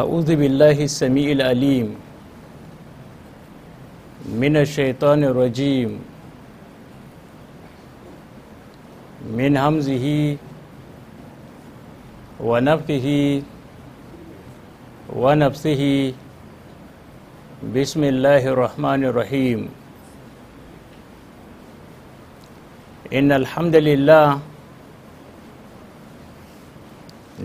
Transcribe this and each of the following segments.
أعوذ بالله السميع العليم من الشيطان الرجيم من همزه ونفخه ونفسه بسم الله الرحمن الرحيم إن الحمد لله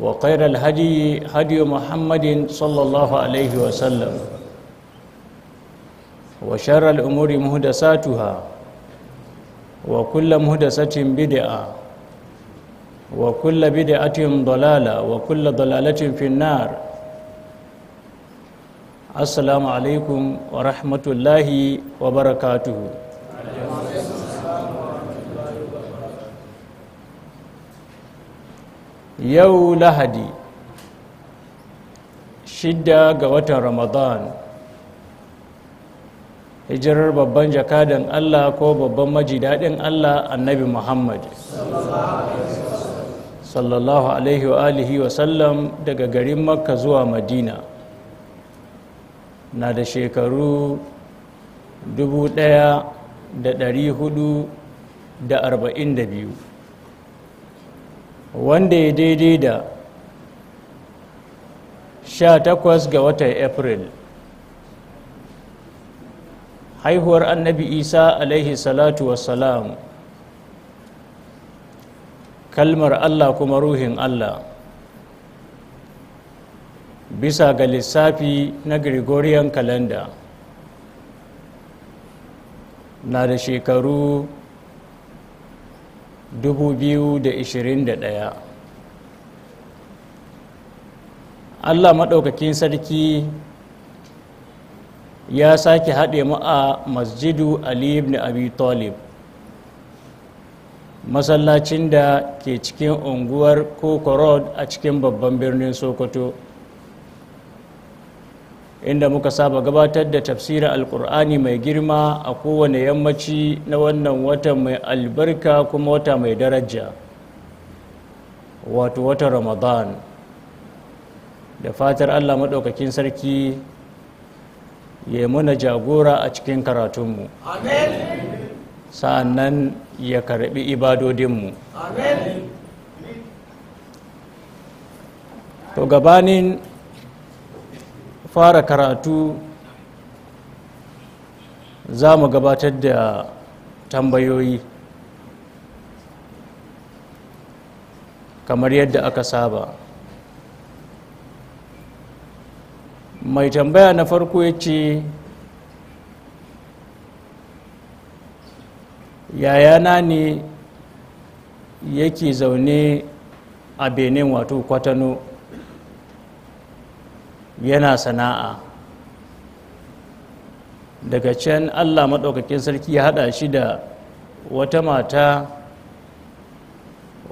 وخير الهدي هدي محمد صلى الله عليه وسلم وشر الأمور مهدساتها وكل مهدسة بدعة وكل بدعة ضلالة وكل ضلالة في النار السلام عليكم ورحمة الله وبركاته yau lahadi shidda ga watan ramadan hijirar babban jakadan allah ko babban majidadin allah annabi muhammad sallallahu alaihi wa alihi wa sallam daga garin makka zuwa madina na da shekaru 1442 wanda ya daidai da 18 ga watan april haihuwar annabi isa alaihi salatu wassalam kalmar allah kuma ruhin allah bisa ga lissafi na gregorian calendar na da shekaru 2021 allah maɗaukakin sarki ya sake haɗe mu a masjidu ali ibn abi talib masallacin da ke cikin unguwar kokorod a cikin babban birnin sokoto inda muka saba gabatar da tafsirin alkur'ani mai girma a kowane yammaci na wannan wata mai albarka kuma wata mai daraja wato wata ramadan da fatar allah maɗaukakin sarki ya muna jagora a cikin karatunmu sa'annan ya karɓi ibadodinmu to gabanin fara karatu za mu gabatar da tambayoyi kamar yadda aka saba mai tambaya na farko ya ce yayana ne yake zaune a benin wato kwatano yana sana'a daga can allah maɗaukakin sarki ya haɗa shi da wata mata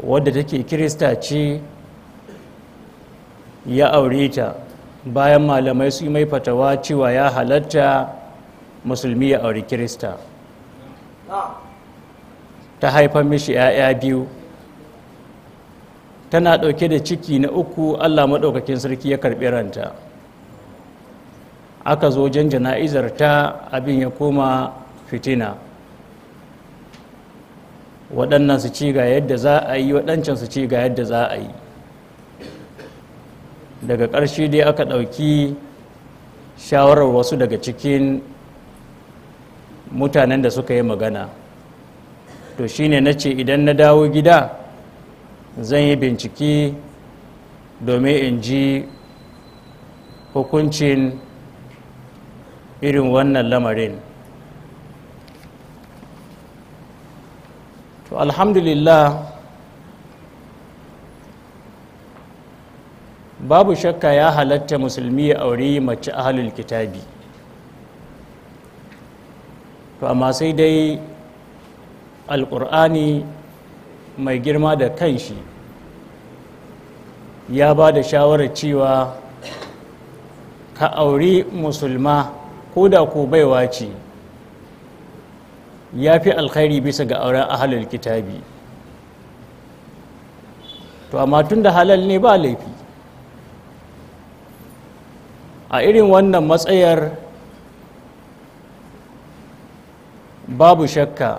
wadda take kirista ce ya aure ta bayan malamai su mai fatawa cewa ya halatta musulmi ya auri kirista ta haifar mishi 'ya'ya biyu tana ɗauke da ciki na uku allah maɗaukakin sarki ya karɓi ranta aka zo jan jana'izar ta abin ya koma fitina waɗannan su ci ga yadda za a yi waɗancan su ci ga yadda za a yi daga ƙarshe dai aka ɗauki shawarar wasu daga cikin mutanen da suka yi magana to shine na ce idan na dawo gida zan yi bincike domin in ji hukuncin irin wannan lamarin to alhamdulillah babu shakka ya halatta musulmi ya auri mace ahalul kitabi to amma sai dai alƙur'ani mai girma da kanshi ya ba da shawarar cewa ka auri musulma ko da ko baiwa ce ya fi alkhairi bisa ga auren ahalar kitabi to amma tun da halal ne ba laifi a irin wannan matsayar babu shakka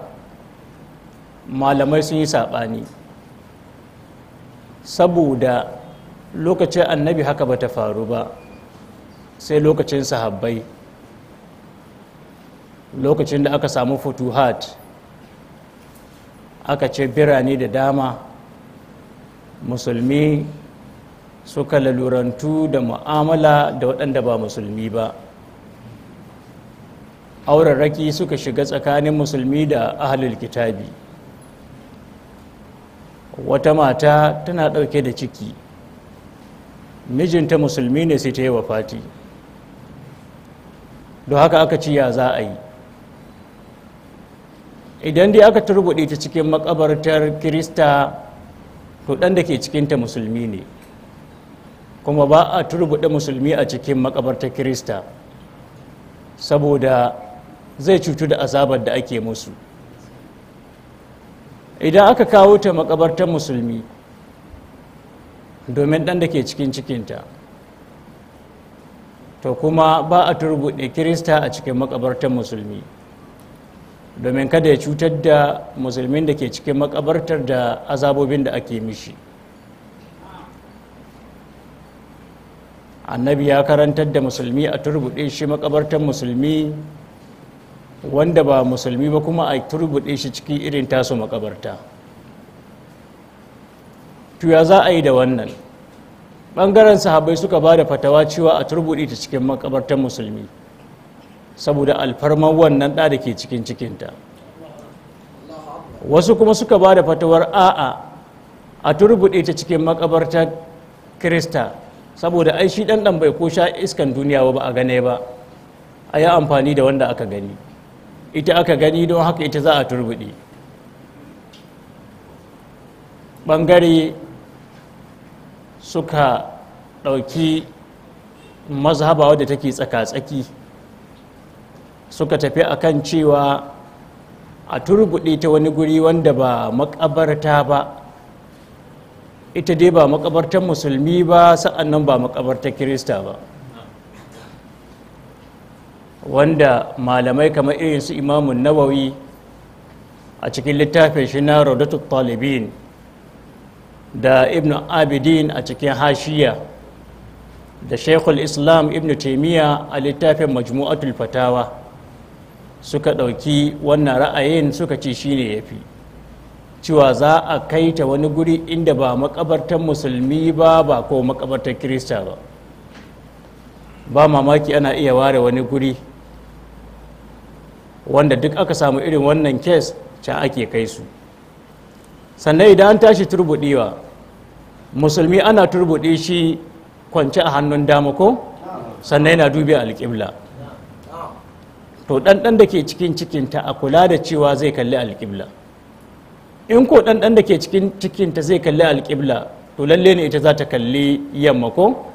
malamai sun yi saɓani saboda lokacin annabi haka ba ta faru ba sai lokacin sahabbai lokacin da aka samu futuhat aka ce birane da dama musulmi suka lalurantu da mu'amala da waɗanda ba musulmi ba Auren aurarraki suka shiga tsakanin musulmi da ahalul kitabi wata mata tana ɗauke da ciki mijinta musulmi ne sai ta yi wa fati don haka aka ci ya za a yi idan dai aka turbuɗe ta cikin makabartar kirista to ɗan da ke cikinta musulmi ne kuma ba a turbuɗe musulmi a cikin makabartar kirista saboda zai cutu da azabar da ake musu idan aka kawo ta makabartar musulmi domin ɗan da ke cikin cikinta to kuma ba a turbuɗe kirista a cikin makabartar musulmi domin kada ya cutar da musulmin da ke cikin makabartar da azabobin da ake mishi annabi ya karantar da musulmi a turbuɗe shi makabartar musulmi wanda ba musulmi ba kuma a turbuɗe shi ciki irin tasu makabarta tuya za a yi da wannan ɓangaren sahabai suka ba da fatawa cewa a turbuɗe ta cikin makabartar musulmi saboda alfarman wannan ɗa da ke cikin cikinta wasu kuma suka ba da fatawar a'a a turbuɗe ta cikin makabartar krista saboda ai shi ɗanɗan bai ko sha iskan duniya ba a gane ba a yi amfani da wanda aka gani ita aka gani don haka ita za a turbuɗe ɓangare suka ɗauki mazhaba wadda take tsaka-tsaki suka tafi a kan cewa a turbuɗe ta wani guri wanda ba makabarta ba ita dai ba makabartar musulmi ba sa'an nan ba makabartar kirista ba wanda malamai kamar irin su imamun nawawi a cikin littafin shi na raudatul talibin da ibn abidin a cikin hashiya da shekul islam ibn taimiyya a littafin majmu'atul fatawa suka ɗauki wannan ra'ayin suka ce shine ya fi cewa za a kai ta wani guri inda ba makabartar musulmi ba ba ko makabartar kirista ba ba mamaki ana iya ware wani guri wanda duk aka samu irin wannan kes can ake kai su sannan idan an tashi turbuɗewa musulmi ana turbuɗe shi kwance a hannun dama ko sannan yana dubi alƙibla to ɗanɗan da ke cikin cikinta a kula da cewa zai kalli alƙibla in ko ɗanɗan da ke cikin cikinta zai kalli alƙibla to lalle ne ita za ta kalli yamma ko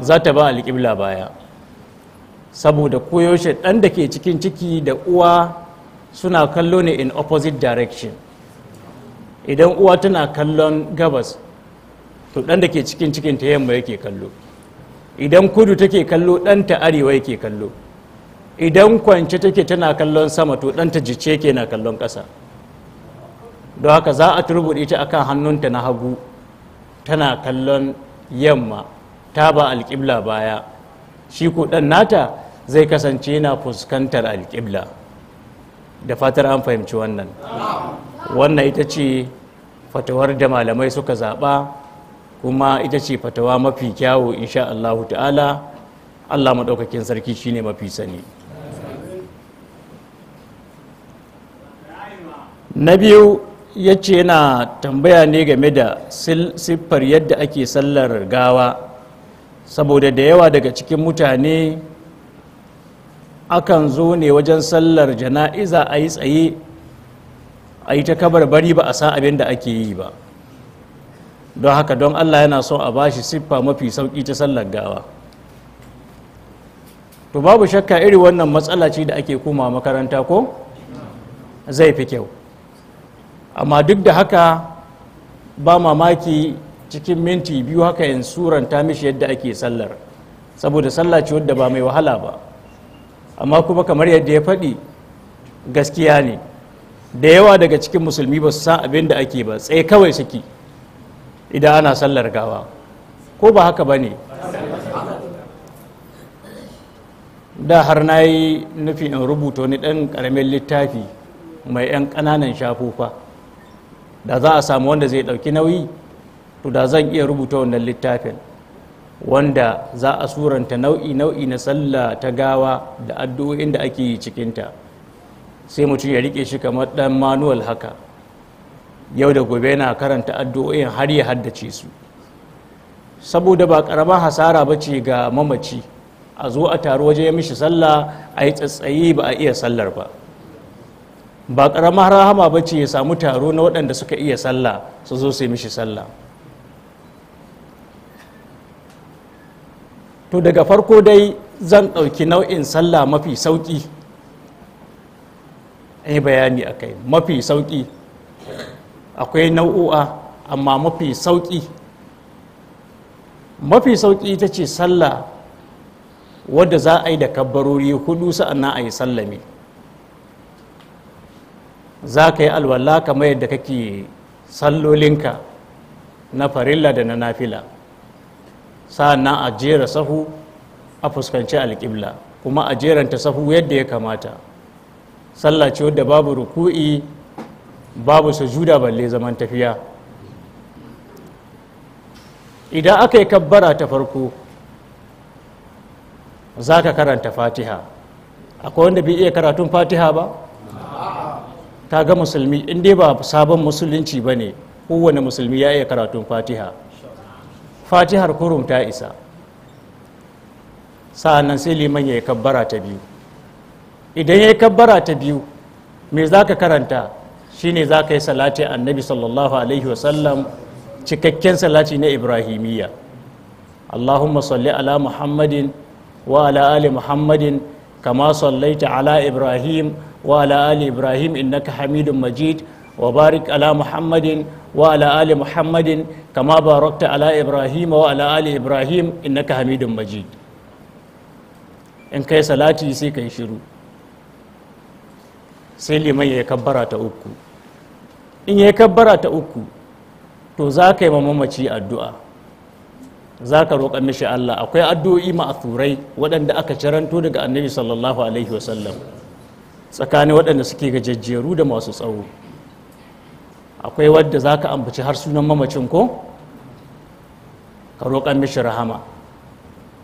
za ta ba alƙibla baya saboda koyaushe ɗan da ke cikin ciki da uwa suna kallo ne in opposite direction idan uwa tana kallon gabas to ɗan da ke cikin cikinta yamma yake kallo idan kudu take kallo ɗanta arewa yake kallo idan kwance take tana kallon sama to ɗanta jice ke na kallon ƙasa don haka za a turbuɗe ta akan hannunta na hagu tana kallon yamma ta ba alƙibla baya shi ko ɗan nata zai kasance yana fuskantar alƙibla da fatar an fahimci wannan wannan ita ce fatawar da malamai suka zaɓa kuma ita ce fatawa mafi kyawo insha Allahu ta'ala Allah maɗaukakin sarki shine mafi sani na biyu ya ce yana tambaya ne game da siffar yadda ake sallar gawa saboda da yawa daga cikin mutane akan zo ne wajen sallar jana'iza a yi tsaye a yi ta kabar bari ba a sa abin da ake yi ba don haka don allah yana so a ba shi siffa mafi sauki ta sallar gawa to babu shakka iri wannan matsala ce da ake koma makaranta ko zai fi kyau amma duk da haka ba mamaki cikin minti biyu haka in suranta mishi yadda ake sallar saboda sallah ce wadda ba mai wahala ba amma kuma kamar yadda ya faɗi gaskiya ne da yawa daga cikin musulmi ba su san abin da ake ba tsaye kawai suke idan ana sallar gawa ko ba haka ba ne da har na yi nufin in rubuta wani ɗan ƙaramin littafi mai 'yan ƙananan shafofa da za a samu wanda zai ɗauki nauyi to da zan iya rubuta wannan littafin wanda za a suranta nau'i nau'i na sallah ta gawa da addu'o'in da ake yi cikinta sai mutum ya rike shi kamar ɗan manuwal haka yau da gobe yana karanta addu'o'in har ya haddace su saboda ba ƙaramar hasara ba ce ga mamaci a zo a taru waje ya mishi sallah a yi tsatsayi ba a iya sallar ba ba ƙaramar rahama ba ce ya samu taro na waɗanda suka iya sallah su zo su yi mishi sallah to daga farko dai zan ɗauki nau'in sallah mafi sauƙi yi bayani a kai mafi sauƙi akwai nau'u'a amma mafi sauƙi mafi sauƙi ita ce sallah wadda za a yi da kabbarori hudu sa'an na a yi sallame za ka yi alwala kamar yadda kake sallolinka na farilla da na nafila sa'annan a jera sahu a fuskanci alƙibla kuma a jeranta sahu yadda ya kamata sallaci wadda babu ruku'i babu sujuda balle zaman tafiya idan aka yi kabbara ta farko za ka karanta fatiha akwai wanda bai iya karatun fatiha ba ta ga musulmi in dai ba sabon musulunci ba ne kowane musulmi ya iya karatun fatiha fatihar kurum ta isa sa'annan sai liman ya yi kabbara ta biyu idan ya yi kabbara ta biyu me za ka karanta shi ne za ka yi salati annabi sallallahu alaihi wasallam cikakken salati na ibrahimiyya allahumma salli ala muhammadin wa ala ali muhammadin كما صليت على إبراهيم وعلى آل إبراهيم إنك حميد مجيد وبارك على محمد وعلى آل محمد كما باركت على إبراهيم وعلى آل إبراهيم إنك حميد مجيد إن كي صلاتي سي كي شروع sai liman ya kabbara ta uku in ya kabbara ta uku to za za ka roƙa mishi Allah akwai addu'o'i ma'athurai waɗanda aka ciranto daga annabi sallallahu alaihi wasallam tsakanin waɗanda suke gajejjeru da masu tsawo akwai wadda za ka ambaci har sunan mamacin ko ka roƙa mishi rahama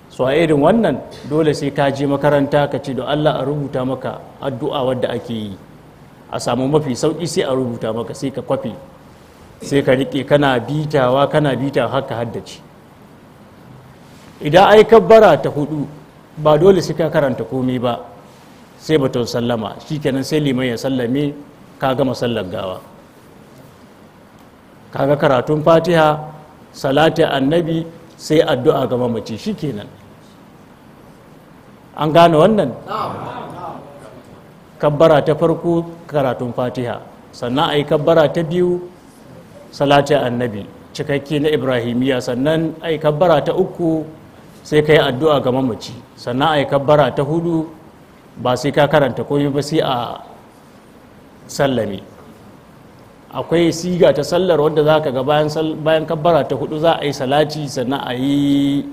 so a irin wannan dole sai ka je makaranta ka ce da Allah a rubuta maka addu'a wadda ake yi a samu mafi sauƙi sai a rubuta maka sai ka kwafi sai ka riƙe kana bitawa kana bita haka haddace idan ai kabbara ta hudu ba dole sai ka karanta komai ba sai batun sallama shikenan sai liman ya sallame ka gama sallar gawa kaga karatun fatiha salati annabi sai addu'a ga mamaci kenan an gane wannan kabbara ta farko karatun fatiha sannan a yi kabbara ta biyu salati annabi cikakke na ibrahimiyya sannan a yi kabbara ta uku sai ka yi addu'a ga mamaci sannan a yi kabbara ta hudu ba sai ka karanta komai ba sai a sallame akwai siga ta sallar wanda za ka ga bayan kabbara ta hudu za a yi salaci sannan a yi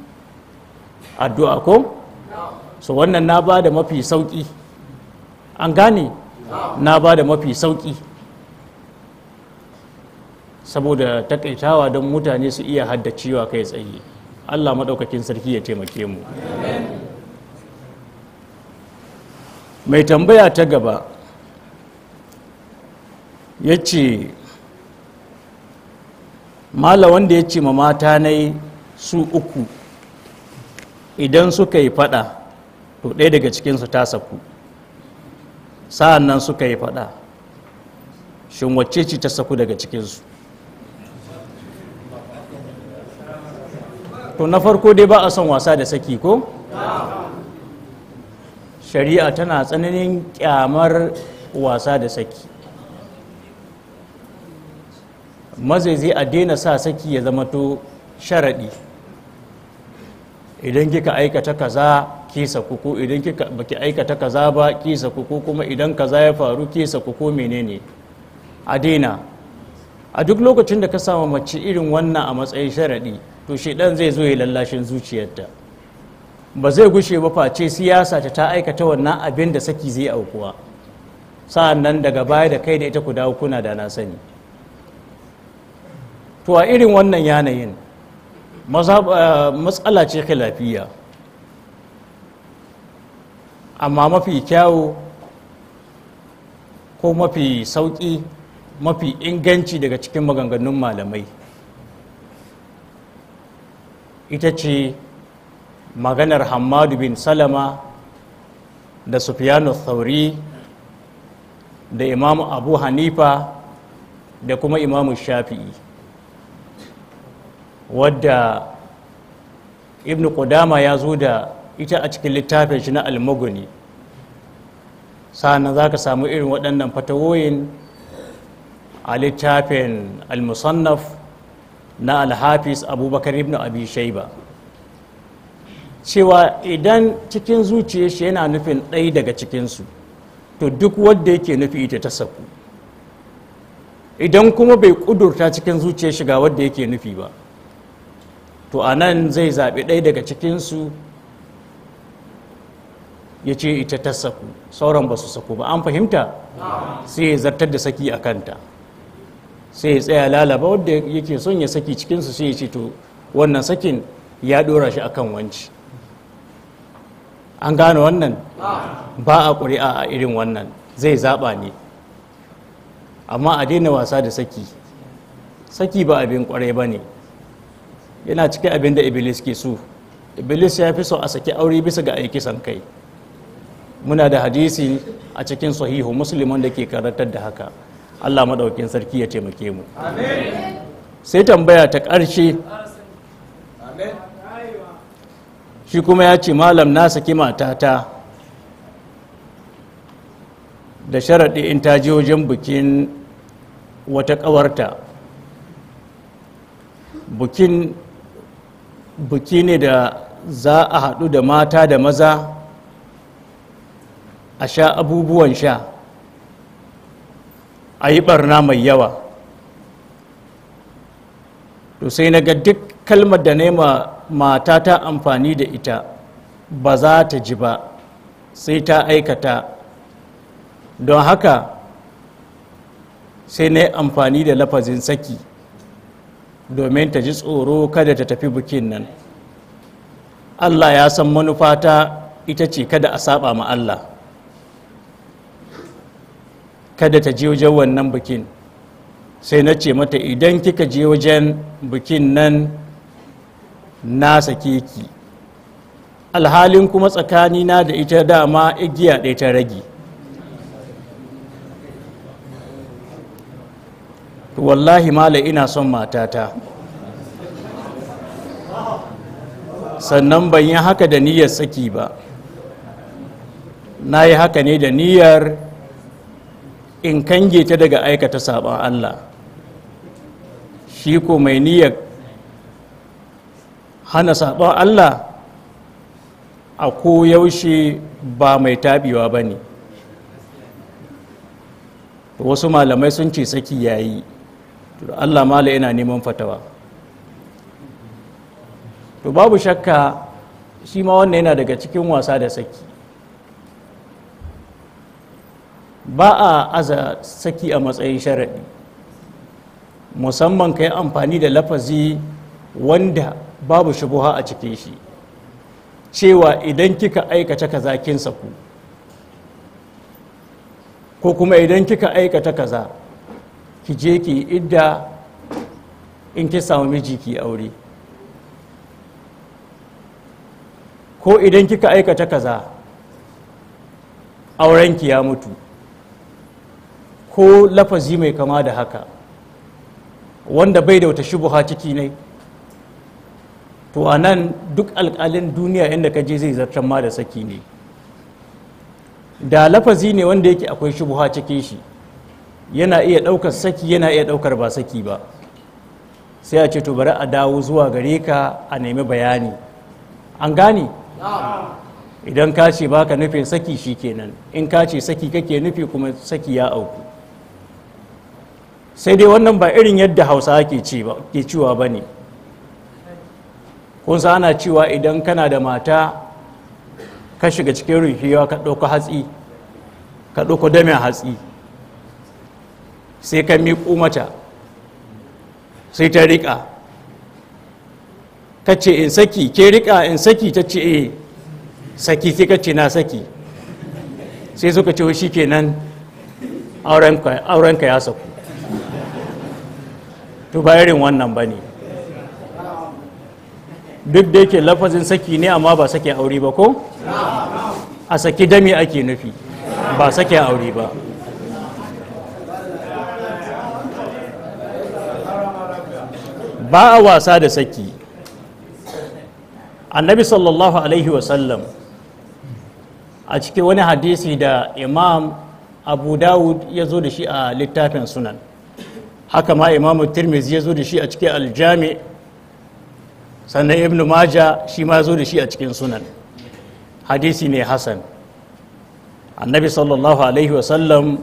addu'a ko? so wannan na ba da mafi sauki an gane na ba da mafi sauki saboda takaitawa don mutane su iya haddacewa kai tsaye Allah maɗaukakin sarki ya taimake mu mai tambaya ta gaba ya ce mala wanda ya ce ma mata na su uku idan suka yi fada to ɗaya daga cikinsu ta saku sa'an nan suka yi faɗa shin wacce ce ta saku daga cikinsu to na farko dai ba a son wasa da saki ko shari'a tana tsananin kyamar wasa da saki mazaizai a daina sa saki ya zama to sharaɗi idan kika aikata kaza kisa kuku idan kika baki aikata kaza ba kisa kuku kuma idan kaza ya faru kisa kuku menene a daina a duk lokacin da ka samu mace irin wannan a matsayin sharaɗi to shaidan zai zo ya lallashin zuciyarta ba zai gushe ba face siyasa ta aikata wannan abin da saki zai aukuwa sa'an nan daga baya da kai da ita ku dawo kuna da na sani to a irin wannan yanayin eh, matsala ce ka lafiya amma mafi kyawu ko mafi sauƙi mafi inganci daga cikin maganganun malamai ita ce maganar hamadu bin salama da sufiyanu Sauri da imamu abu hanifa da kuma imamu shafi'i wadda ibn Qudama ya zo da ita a cikin littafin shi na almaguni sa'annan za ka samu irin waɗannan fatawoyin a littafin almusannaf na Alhafis abubakar ibn abi shaiba cewa idan cikin zuciya shi yana nufin ɗaya daga cikinsu to duk wadda yake nufi ita ta saku idan kuma bai kudurta cikin zuciya shiga wadda yake nufi ba to a nan zai zaɓi ɗaya daga cikinsu ya ce ita ta saku sauran ba su saku ba an fahimta sai ya zartar da saki a kanta sai ya tsaya lalaba wadda yake son ya saki cikinsu sai ya ce to wannan sakin ya dora shi akan wanci an gane wannan ba a ƙuri'a a irin wannan zai zaɓa ne amma a daina wasa da saki saki ba abin ƙwarai ba ne yana cikin abin da iblis ke so iblis ya fi so a saki aure bisa ga aiki san kai muna da hadisi a cikin sahihu musulman da ke karantar da haka Allah maɗaukin sarki ya taimake mu sai tambaya ta ƙarshe shi kuma ya ce malam na saki matata da sharaɗi in ta je wajen bikin wata ƙawarta Bukin biki ne da za a haɗu da mata da maza a sha abubuwan sha a yi barna mai yawa to sai na ga duk kalmar da nema mata ta amfani da ita ba za ta ji ba sai ta aikata don haka sai na yi amfani da lafazin saki domin ta ji tsoro kada ta tafi bukin nan allah ya san manufata ita ce kada a saba ma allah kada ta je wajen wannan bikin sai na ce mata idan kika je wajen bikin nan na sake ki alhalin kuma tsakanina da ita dama igiya ɗaya ta rage wallahi mala ina son matata sannan ban yi haka da niyyar saki ba na yi haka ne da niyyar in kange ta daga aikata saɓon Allah shi ko mai niyyar hana saɓon Allah a koyaushe ba mai tabiwa ba ne wasu malamai sun ce saki yayi Allah mala yana neman fatawa to babu shakka shi ma wannan yana daga cikin wasa da saki ba a aza saki a matsayin sharaɗi musamman ka yi amfani da lafazi wanda babu shubuha a cikin shi cewa idan kika aikata kaza kin saku ko kuma idan kika aikata kaza ki je ki idda in ki samu miji ki aure ko idan kika aikata kaza aurenki ya mutu ko lafazi mai kama da haka wanda bai da wata shubuha ciki ne to a nan duk alkalin duniya inda ka je zai zartan ma da saki ne da lafazi ne wanda yake akwai shubuha cikin shi yana iya ɗaukar saki yana iya ɗaukar ba saki ba sai a ce to bari a dawo zuwa gare ka a nemi bayani an gane idan ka ce baka nufin saki shi kenan in ka ce saki kake nufi kuma saki ya auku sai dai wannan ba irin yadda hausa ke cewa ba ne kun ana cewa idan kana da mata ka shiga cikin ruhiwa ka ɗauko hatsi ka ɗauko damin hatsi sai ka miƙo mata sai ta riƙa ka ce in saki ke riƙa in saki ta ce e saki sai ka ce na saki sai suka ce shi kenan aurenka ya saku to ba irin wannan ba ne duk da yake lafazin saki ne amma ba sake aure ba ko a saki dami ake nufi ba sake aure ba ba a wasa da saki annabi sallallahu alaihi wasallam a cikin wani hadisi da imam abu dawud ya zo da shi a littafin sunan haka ma imamu tirmizi ya zo da shi a cikin aljami sannan ibn maja shi ma zo da shi a cikin sunan hadisi ne Hassan. annabi sallallahu alaihi wasallam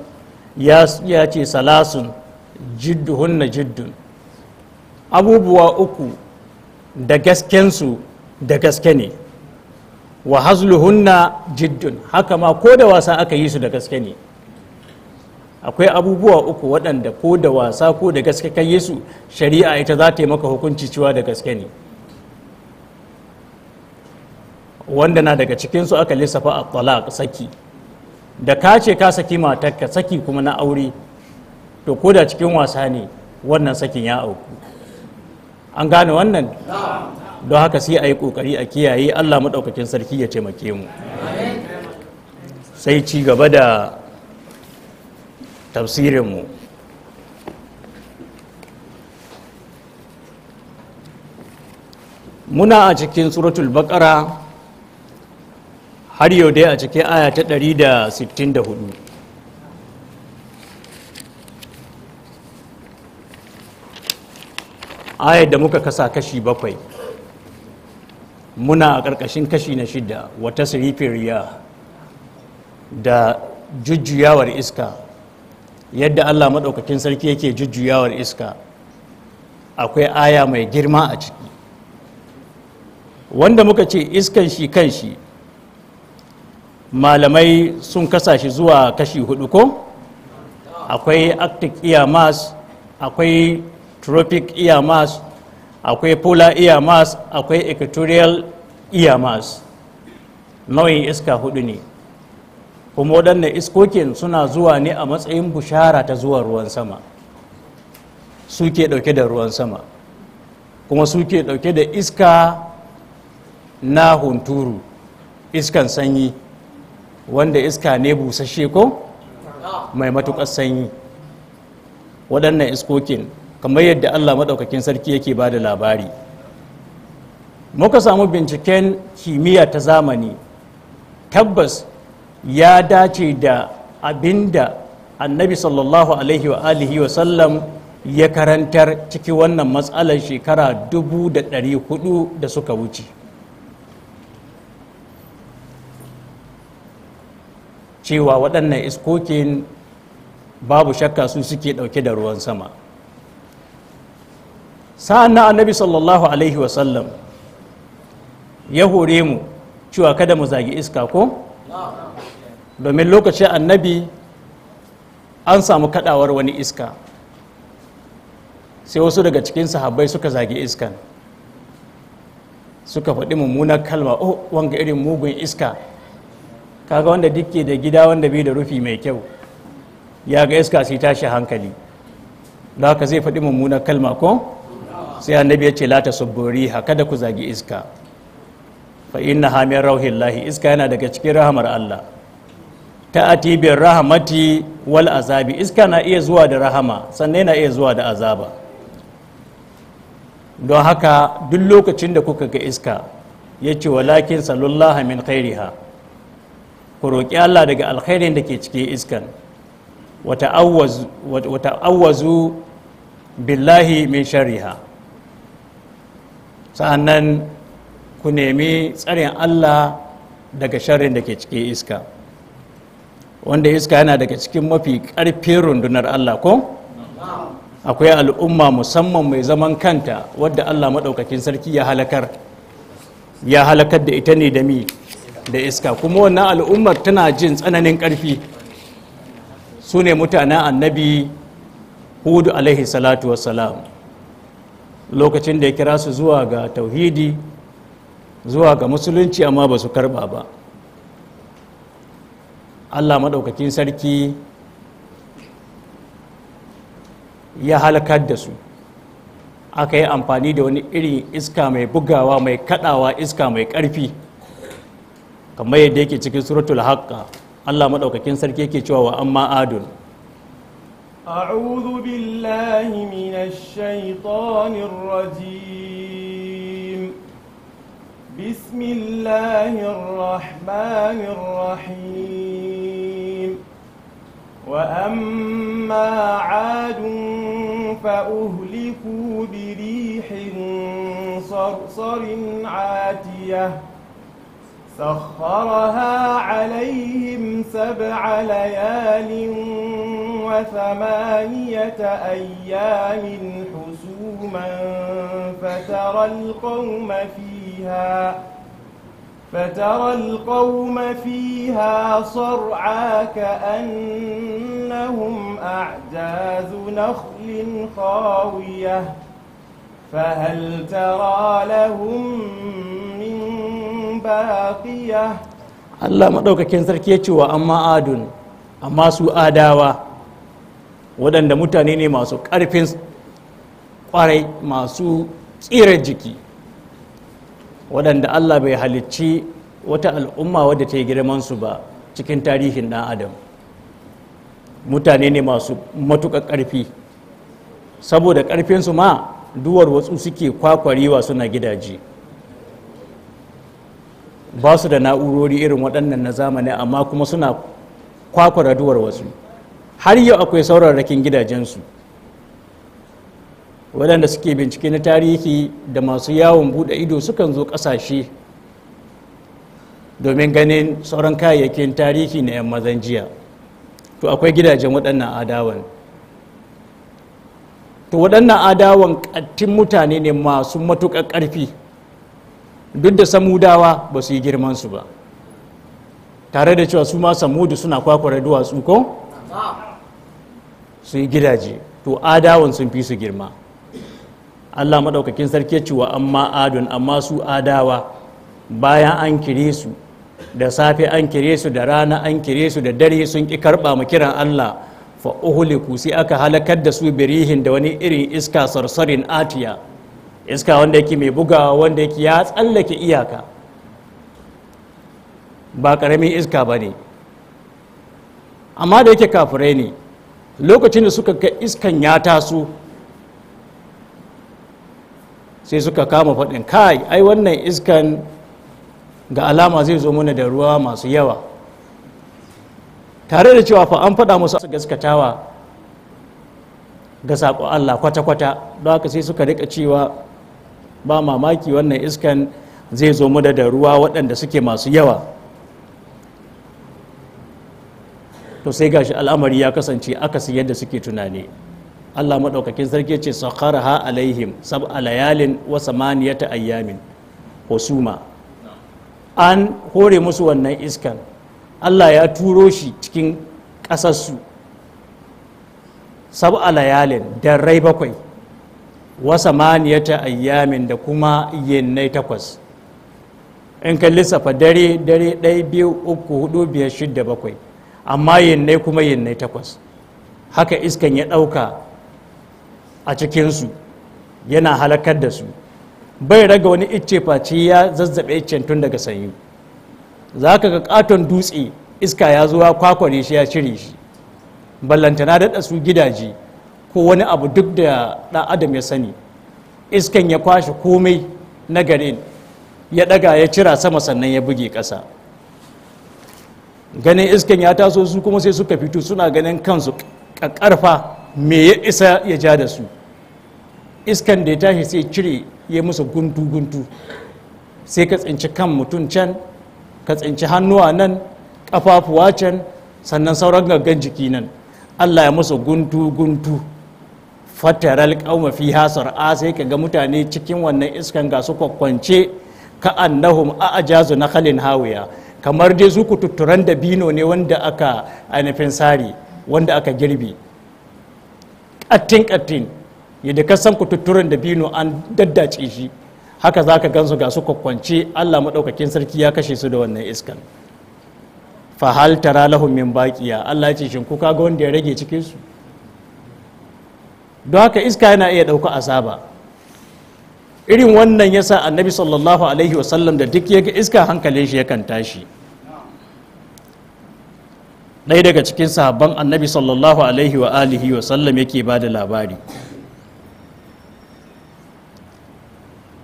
ya ce salasun jidduhunna jiddun abubuwa uku da gaskensu da gaske ne wa hazluhunna jiddun haka ma ko da wasa aka yi su da gaske ne akwai abubuwa uku waɗanda ko da wasa ko da gaske kai yesu shari'a ita za ta yi maka hukunci cewa da gaske ne wanda na daga cikinsu aka lissafa a talaq saki da ka ce ka saki matarka saki kuma na aure to ko da cikin wasa ne wannan sakin ya auku an gane wannan don haka sai a yi kokari a kiyaye allah maɗaukakin sarki ya taimake mu sai ci gaba da tafsirinmu muna a cikin suratul bakara har yau dai a cikin aya ta da sittin da hudu da muka kasa kashi bakwai muna a ƙarƙashin kashi na shida wata sirifin riya da jujjuyawar iska yadda allah maɗaukakin sarki yake jujjuyawar iska akwai aya mai girma a ciki wanda muka ce iskan shi kan shi malamai sun kasa shi zuwa kashi hudu ko akwai arctic ear mass akwai tropic ear mass akwai polar ear mass akwai equatorial ear mass nau'in iska hudu ne kuma waɗannan iskokin suna zuwa ne a matsayin bushara ta zuwa ruwan sama suke ɗauke da ruwan sama kuma suke ɗauke da iska na hunturu iskan sanyi wanda iska ne busasshe ko mai matuƙar sanyi waɗannan iskokin kamar yadda allah maɗaukakin sarki yake ba da labari muka samu binciken kimiyya ta zamani tabbas ya dace da abinda annabi sallallahu alaihi wa alihi wa sallam ya karantar ciki wannan matsalar shekara dubu da ɗari hudu da suka wuce cewa waɗannan iskokin babu shakka su suke ɗauke da ruwan sama sa'an na annabi sallallahu alaihi wa sallam ya hore mu cewa kada mu zagi iska ko? domin lokacin annabi an samu kadawar wani iska sai wasu daga cikin sahabbai suka zagi iskan suka faɗi mummunar kalma oh wanga irin mugun iska kaga wanda dukke da gida wanda bai da rufi mai kyau ya ga iska sai tashi hankali da haka zai faɗi mummunar kalma ko sai annabi ya ce la tasubburi haka da ku zagi iska fa inna rauhin rauhillahi iska yana daga cikin rahamar Allah ta'ati bir rahmati wal azabi iska na iya zuwa da rahama sannan na iya zuwa da azaba don haka duk lokacin da kuka ga iska ya ce walakin sallallahu min khairiha ku roki Allah daga alkhairin da ke cikin iskan wata awwazu billahi min shariha sa'annan ku nemi tsarin Allah daga sharrin da ke iska wanda iska yana daga cikin mafi ƙarfin rundunar Allah ko akwai al'umma musamman mai zaman kanta wadda Allah maɗaukakin sarki ya halakar ya halakar da ita ne da mi da iska kuma wannan al'ummar tana jin tsananin karfi su ne mutanen annabi hudu alaihi salatu wassalam lokacin da ya kira su zuwa ga tauhidi zuwa ga musulunci amma ba su karɓa ba allah maɗaukakin sarki ya halakar da su aka yi amfani da wani irin iska mai bugawa mai kaɗawa iska mai ƙarfi kamar yadda yake cikin suratul haqqa allah maɗaukakin sarki yake cewa wa amma adun أعوذ بالله من الشيطان الرجيم بسم الله الرحمن وأما عاد فأهلكوا بريح صرصر عاتية سخرها عليهم سبع ليال وثمانية أيام حسوما فترى القوم فيها فترى القوم فيها صرعى كأنهم أعجاز نخل خاوية فهل ترى لهم من باقية الله ما دوكا كان سركي cewa amma adun amma su adawa waɗanda mutane ne masu ƙarfin ƙwarai masu tsirar jiki waɗanda Allah bai halicci wata al'umma wadda ta yi su ba cikin tarihin ɗan adam mutane ne masu matuƙar ƙarfi saboda ƙarfinsu ma duwar wasu suke kwakwarewa suna gidaje ba su da na'urori irin waɗannan na zamani amma kuma suna kwakwara duwar wasu har yau akwai saurarrakin gidajensu waɗanda suke bincike na tarihi da masu yawon buɗe ido sukan zo ƙasashe domin ganin sauran kayayyakin tarihi na 'yan mazan jiya to akwai gidajen waɗannan adawan to waɗannan adawan ƙattin mutane ne masu matuƙar ƙarfi duk da samudawa ba su yi girmansu ba tare da cewa su ma samudu suna kwakwara duwatsu ko su yi gidaje to adawan sun fi su girma Allah maɗaukakin sarki ce wa amma adun amma su adawa bayan an kire su da safe an kire su da rana an kire su da dare sun ki karɓa mu kiran Allah fa uhliku sai aka halakar da su birihin da wani irin iska sarsarin atiya iska wanda yake mai bugawa wanda yake ya tsallake iyaka ba ƙaramin iska ba ne amma da yake kafirai ne lokacin da suka ga iskan ya taso sai suka kama faɗin kai ai wannan iskan ga alama zai zo mana da ruwa masu yawa tare da cewa fa an faɗa musu su gaskatawa ga saƙo Allah kwata-kwata don haka sai suka rika cewa ba mamaki wannan iskan zai zo mana da ruwa waɗanda suke masu yawa to sai gashi al'amari ya kasance aka akasi yadda suke tunani Allah maɗaukakin sarki ce sakharaha alaihim sab alayalin wa samaniyata ayyamin husuma an hore musu wannan iskan Allah ya turo shi cikin ƙasarsu sab alayalin rai bakwai wa samaniyata ayyamin da kuma yennai takwas in ka lissafa dare dare ɗaya biyu uku hudu biyar shidda bakwai amma yennai kuma yennai takwas haka iskan ya ɗauka a cikinsu yana halakar da su bai raga wani icce face ya zazzabe iccen tun daga sanyi za ka ga katon dutse iska ya zuwa kwakware shi ya cire shi ballantana daɗa su gidaje ko wani abu duk da ɗan adam ya sani iskan ya kwashe komai na garin ya ɗaga ya cira sama sannan ya buge ƙasa ganin iskan ya taso su kuma sai suka fito suna ganin kansu ƙarfa me ya isa ya ja da su iskan da ya tashi sai cire ya musu guntu-guntu sai ka tsinci kan mutum can ka tsinci hannuwa nan ƙafafuwa can sannan sauran gangan jiki nan allah ya musu guntu-guntu fataral kauma fi hasar a sai ka ga mutane cikin wannan iskan ga su kwakwance ka annahum a ajazu na halin hawiya kamar dai su kututturan bino ne wanda aka ainihin sari wanda aka girbi ƙattin ƙattin yadda ka san kututturen da bino an daddace shi haka za ka gansu ga su kwakwance allah maɗaukakin sarki ya kashe su da wannan iskan fahal tara lahum min baqiya allah ce shin kuka ga wanda ya rage cikin su don haka iska yana iya ɗauka azaba irin wannan yasa annabi sallallahu alaihi wasallam da duk ya ga iska hankalin shi yakan tashi ɗaya daga cikin sahabban annabi sallallahu alaihi wa alihi wa sallam yake ba da labari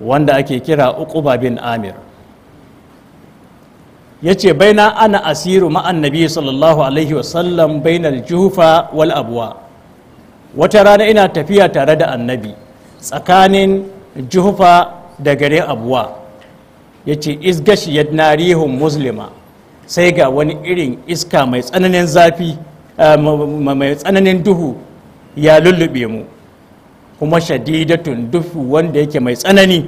wanda ake kira uquba bin amir ya ce baina ana asiru ma'annabi sallallahu alaihi wa sallam bainar juhufa wal abuwa wata rana ina tafiya tare da annabi tsakanin juhufa da garin abuwa ya ce izgashi narihun muslima sai ga wani irin iska mai tsananin zafi eh, mai tsananin duhu ya lullube mu kuma shadidatun duhu wanda yake mai tsanani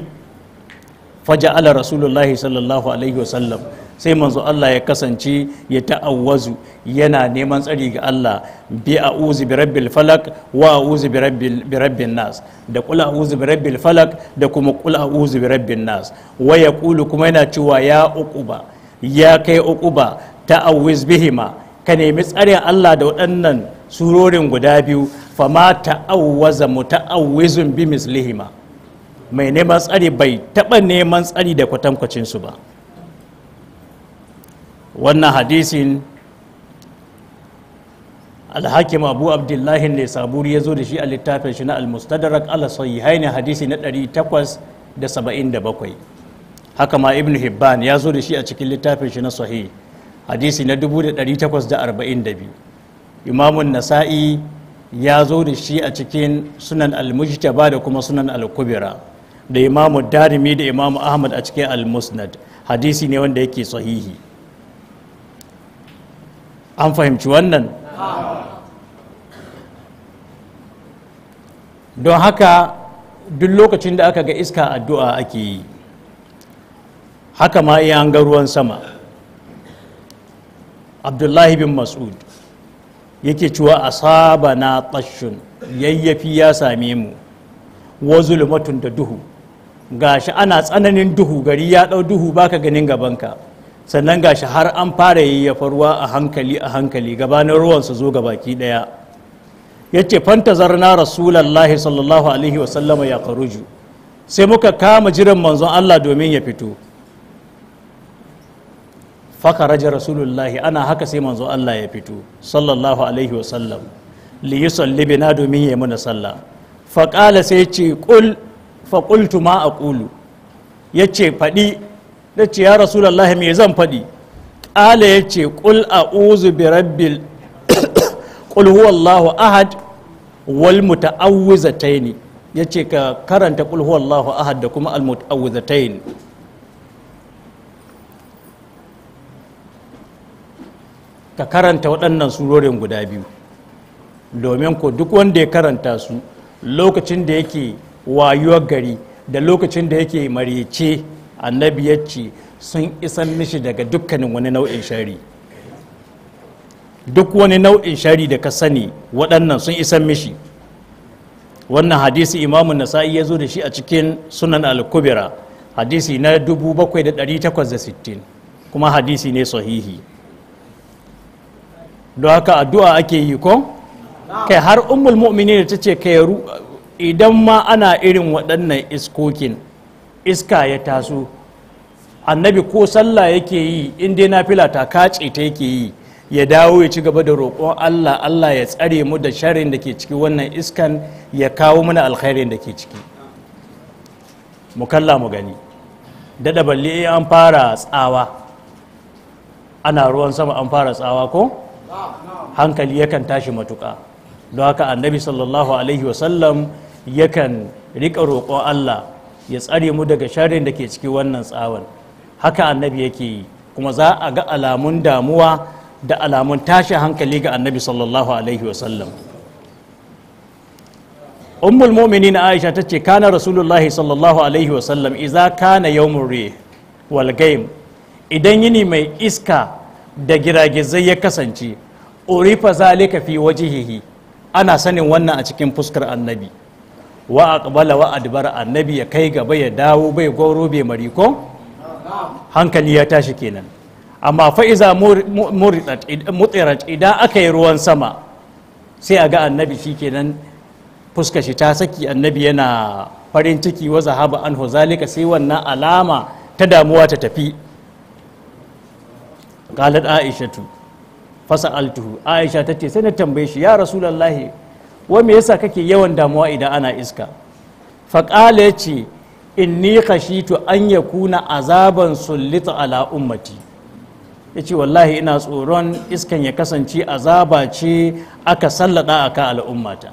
faja ala rasulullahi sallallahu alaihi wasallam sai manzo Allah ya kasance ya ta'awwazu yana neman tsari ga Allah bi a'uzu bi rabbil falak wa a'uzu bi rabbil rabbin nas da qul a'uzu bi rabbil falak da kuma qul a'uzu bi rabbin nas wa yaqulu kuma yana cewa ya uquba ya kai uku ba ta ta'awwiz bihima ka nemi tsarin Allah da waɗannan surorin guda biyu fa fama ta'awwaza muta'awwizun bi mislihima mai neman tsari bai taɓa neman tsari da kwatankwacin su ba wannan hadisin alhakim abu abdullahi ne sabur ya zo da shi a littafin shi na almustadrak ala sahihaini hadisi na 877 haka ma ibn hibban ya zo da shi a cikin littafin shi na sahih hadisi na 1842 imamun nasa'i ya zo da shi a cikin sunan al-mujtaba da kuma sunan al da imamu darimi da imamu ahmad a cikin al-musnad hadisi ne wanda yake sahihi an fahimci wannan don haka duk lokacin da aka ga iska addu'a ake yi haka ma iya hanga ruwan sama abdullahi bin mas'ud yake cewa asaba na tashun yayyafi ya same mu wa zulmatun da duhu gashi ana tsananin duhu gari ya ɗau duhu baka ganin gabanka sannan gashi har an fara yayyafa ruwa a hankali a hankali gabanin ruwan su zo ga baki ɗaya yace fanta fantazar na sallallahu alaihi wasallama ya karuju sai muka kama jiran manzon allah domin ya fito fakaraja rasulullahi ana haka sai manzo Allah ya fito sallallahu alaihi sallam li yusalli bina domin ya muna sallah faƙala sai ce ƙul faƙultu ma a ƙulu ya ce faɗi da ce ya rasulullahi me zan faɗi ƙala yace ce ƙul a uzu bi rabbil ƙul huwallahu ahad wal muta'awwizataini ya ce ka karanta ƙul huwallahu ahad da kuma al muta'awwizataini ka karanta waɗannan surorin guda biyu domin ko duk wanda ya karanta su lokacin da yake wayuwar gari da lokacin da yake mariyace annabi ya sun isan mishi daga dukkanin wani nau'in shari duk wani nau'in shari da ka sani waɗannan sun isan mishi wannan hadisi imamun nasa'i ya zo da shi a cikin sunan al-kubira hadisi na 7860 kuma hadisi ne sahihi don haka addu'a ake yi ko kai har umul mu'mini da ta ce kai idan ma ana irin waɗannan iskokin iska ya taso annabi ko sallah yake yi in dai nafila ta kace ta yake yi ya dawo ya ci gaba da roƙon Allah Allah ya tsare mu da sharin da ke ciki wannan iskan ya kawo mana alkhairin da ke ciki mu kalla mu gani daɗa balle an fara tsawa ana ruwan sama an fara tsawa ko hankali yakan tashi matuƙa don haka annabi sallallahu alaihi wasallam yakan riƙa roƙo allah ya tsare mu daga sharrin da ke ciki wannan tsawon haka annabi yake yi kuma za a ga alamun damuwa da alamun tashi hankali ga annabi sallallahu alaihi wasallam ummul mu'minin aisha ta ce kana rasulullahi sallallahu alaihi wasallam iza kana yawmur rih wal idan yini mai iska da giragizai ya kasance urifa zalika fi wajihihi ana sanin wannan a cikin fuskar annabi wa aqbala wa annabi ya kai gaba ya dawo bai goro bai mariko hankali ya tashi kenan amma fa iza mutirat idan aka yi ruwan sama sai a ga annabi shikenan fuskar shi ta saki annabi yana farin ciki wa zahaba anhu zalika sai wannan alama ta damuwa ta tafi qalat aishatu altuhu aisha tace sai na tambaye shi ya lallahi wa me yasa kake yawan damuwa idan ana iska faqala yace inni tu an ya kuna azaban sullita ala ummati yace wallahi ina tsoron iskan ya kasance azaba ce aka sallada aka al'ummata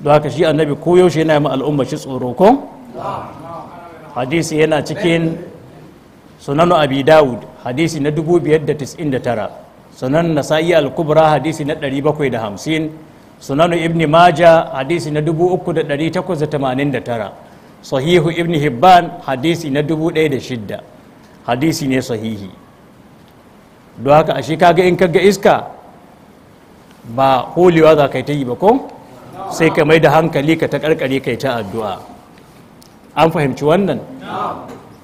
don haka shi annabi koyaushe yana yi al'umma shi tsoro ko hadisi yana cikin sunan abi dawud hadisi na 599 sunan nasa'i al-kubra hadisi na 750 sunan ibn maja hadisi na 3889 sahihu ibni hibban hadisi na 1006 hadisi ne sahihi don haka a shi kaga in kaga iska ba holewa za ka yi ta yi ba ko sai ka mai da hankali ka ta karkare kai ta addu'a an fahimci wannan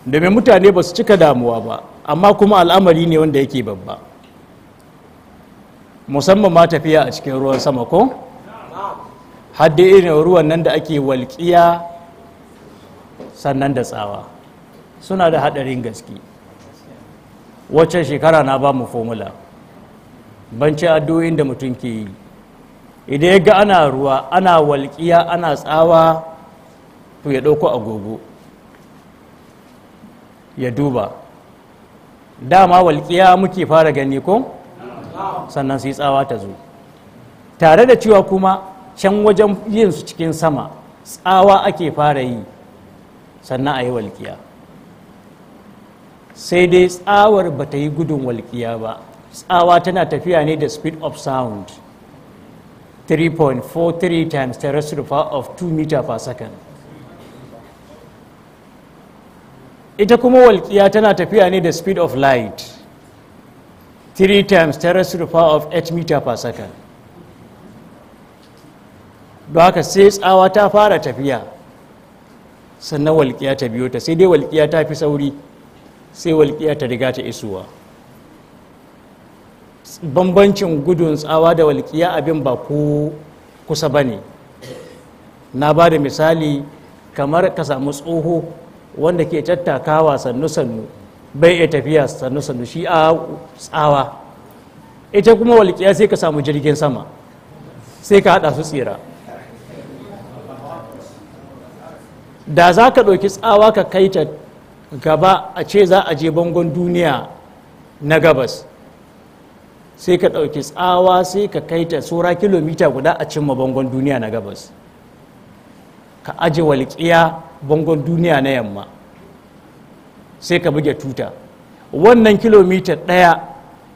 domin mutane ba su cika damuwa ba amma kuma al'amari ne wanda yake babba musamman ma tafiya a cikin ruwan sama ko haddai irin ruwan nan da ake walƙiya sannan da tsawa suna da haɗarin gaske wacce shekara na ba mu fomula banci addu'o'in da mutum ke yi idan ya ga ana ruwa ana walƙiya ana tsawa to ya ɗauko agogo ya duba dama walƙiya muke fara gani ko sannan sai tsawa ta zo tare da cewa kuma can wajen yin su cikin sama tsawa ake fara yi sannan a yi walƙiya sai dai tsawar ba ta yi gudun walƙiya ba tsawa tana tafiya ne da speed of sound 3.43 times terrestrial power of 2 meter per second ita kuma walƙiya tana tafiya ne da speed of light 3 times 10 to the power of 8 meter per second don haka sai tsawa ta fara tafiya sannan walƙiya ta biyo ta sai dai walƙiya ta fi sauri sai walƙiya ta riga ta isuwa bambancin gudun tsawa da walƙiya abin ba ko kusa ba ne na ba da misali kamar ka samu tsoho wanda ke tattakawa sannu-sannu bai iya tafiya sannu-sannu shi a tsawa ita kuma walƙiya sai ka samu jirgin sama sai ka haɗa su tsira da za ka ɗauki tsawa ka kai ta gaba a ce za a je bangon duniya na gabas sai ka ɗauki tsawa sai ka kai ta tsora kilomita guda a cimma bangon duniya na gabas ka aje walƙiya bangon duniya na yamma sai ka buge tuta wannan kilomita ɗaya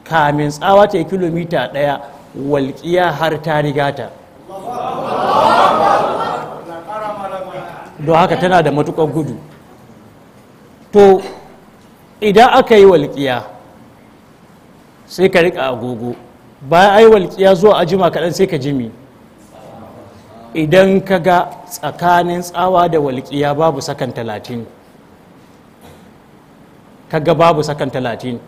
kamin tsawa ta kilomita ɗaya walƙiya har ta riga ta don haka tana da matuƙar gudu to idan aka yi walƙiya sai ka riƙa agogo bayan ai walƙiya zuwa ajima kaɗan sai ka jimi idan ka ga tsakanin tsawa da walƙiya babu sakan talatin kaga babu sakan talatin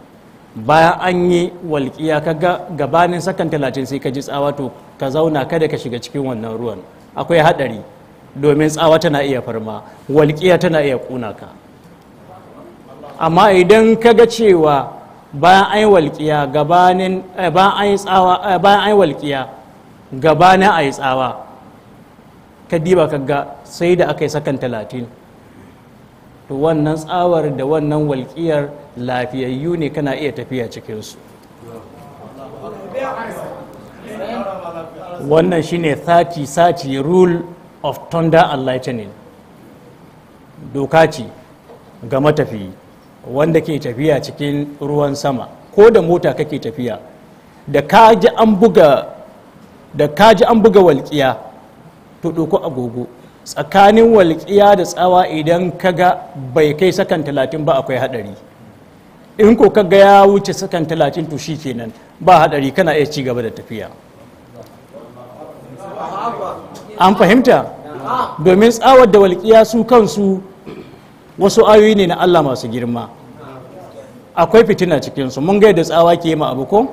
bayan an yi walƙiya kaga gabanin sakan talatin sai ka ji tsawa to ka zauna kada ka shiga cikin wannan ruwan akwai haɗari domin tsawa tana iya farma walƙiya tana iya ƙuna ka amma idan ka ga cewa bayan an yi walƙiya gabanin eh, bayan an yi tsawa eh, bayan an yi walƙiya gabanin a yi tsawa ka diba ka ga sai da aka yi sakan talatin to wannan tsawar da wannan walƙiyar lafiyayyu ne kana iya tafiya cikinsu wannan shine 30-30 rule of thunder and lightning doka ce ga matafiyi wanda ke tafiya cikin ruwan sama ko da mota kake tafiya da kaji an buga walƙiya to ɗauko agogo tsakanin walƙiya da tsawa idan kaga bai kai sakan talatin ba akwai haɗari in ko kaga ya wuce sakan talatin to shi kenan ba haɗari kana iya ci gaba da tafiya an fahimta domin tsawar da walƙiya su kansu wasu ayoyi ne na allah masu girma akwai fitina cikinsu mun ga yadda tsawa ke ma abu ko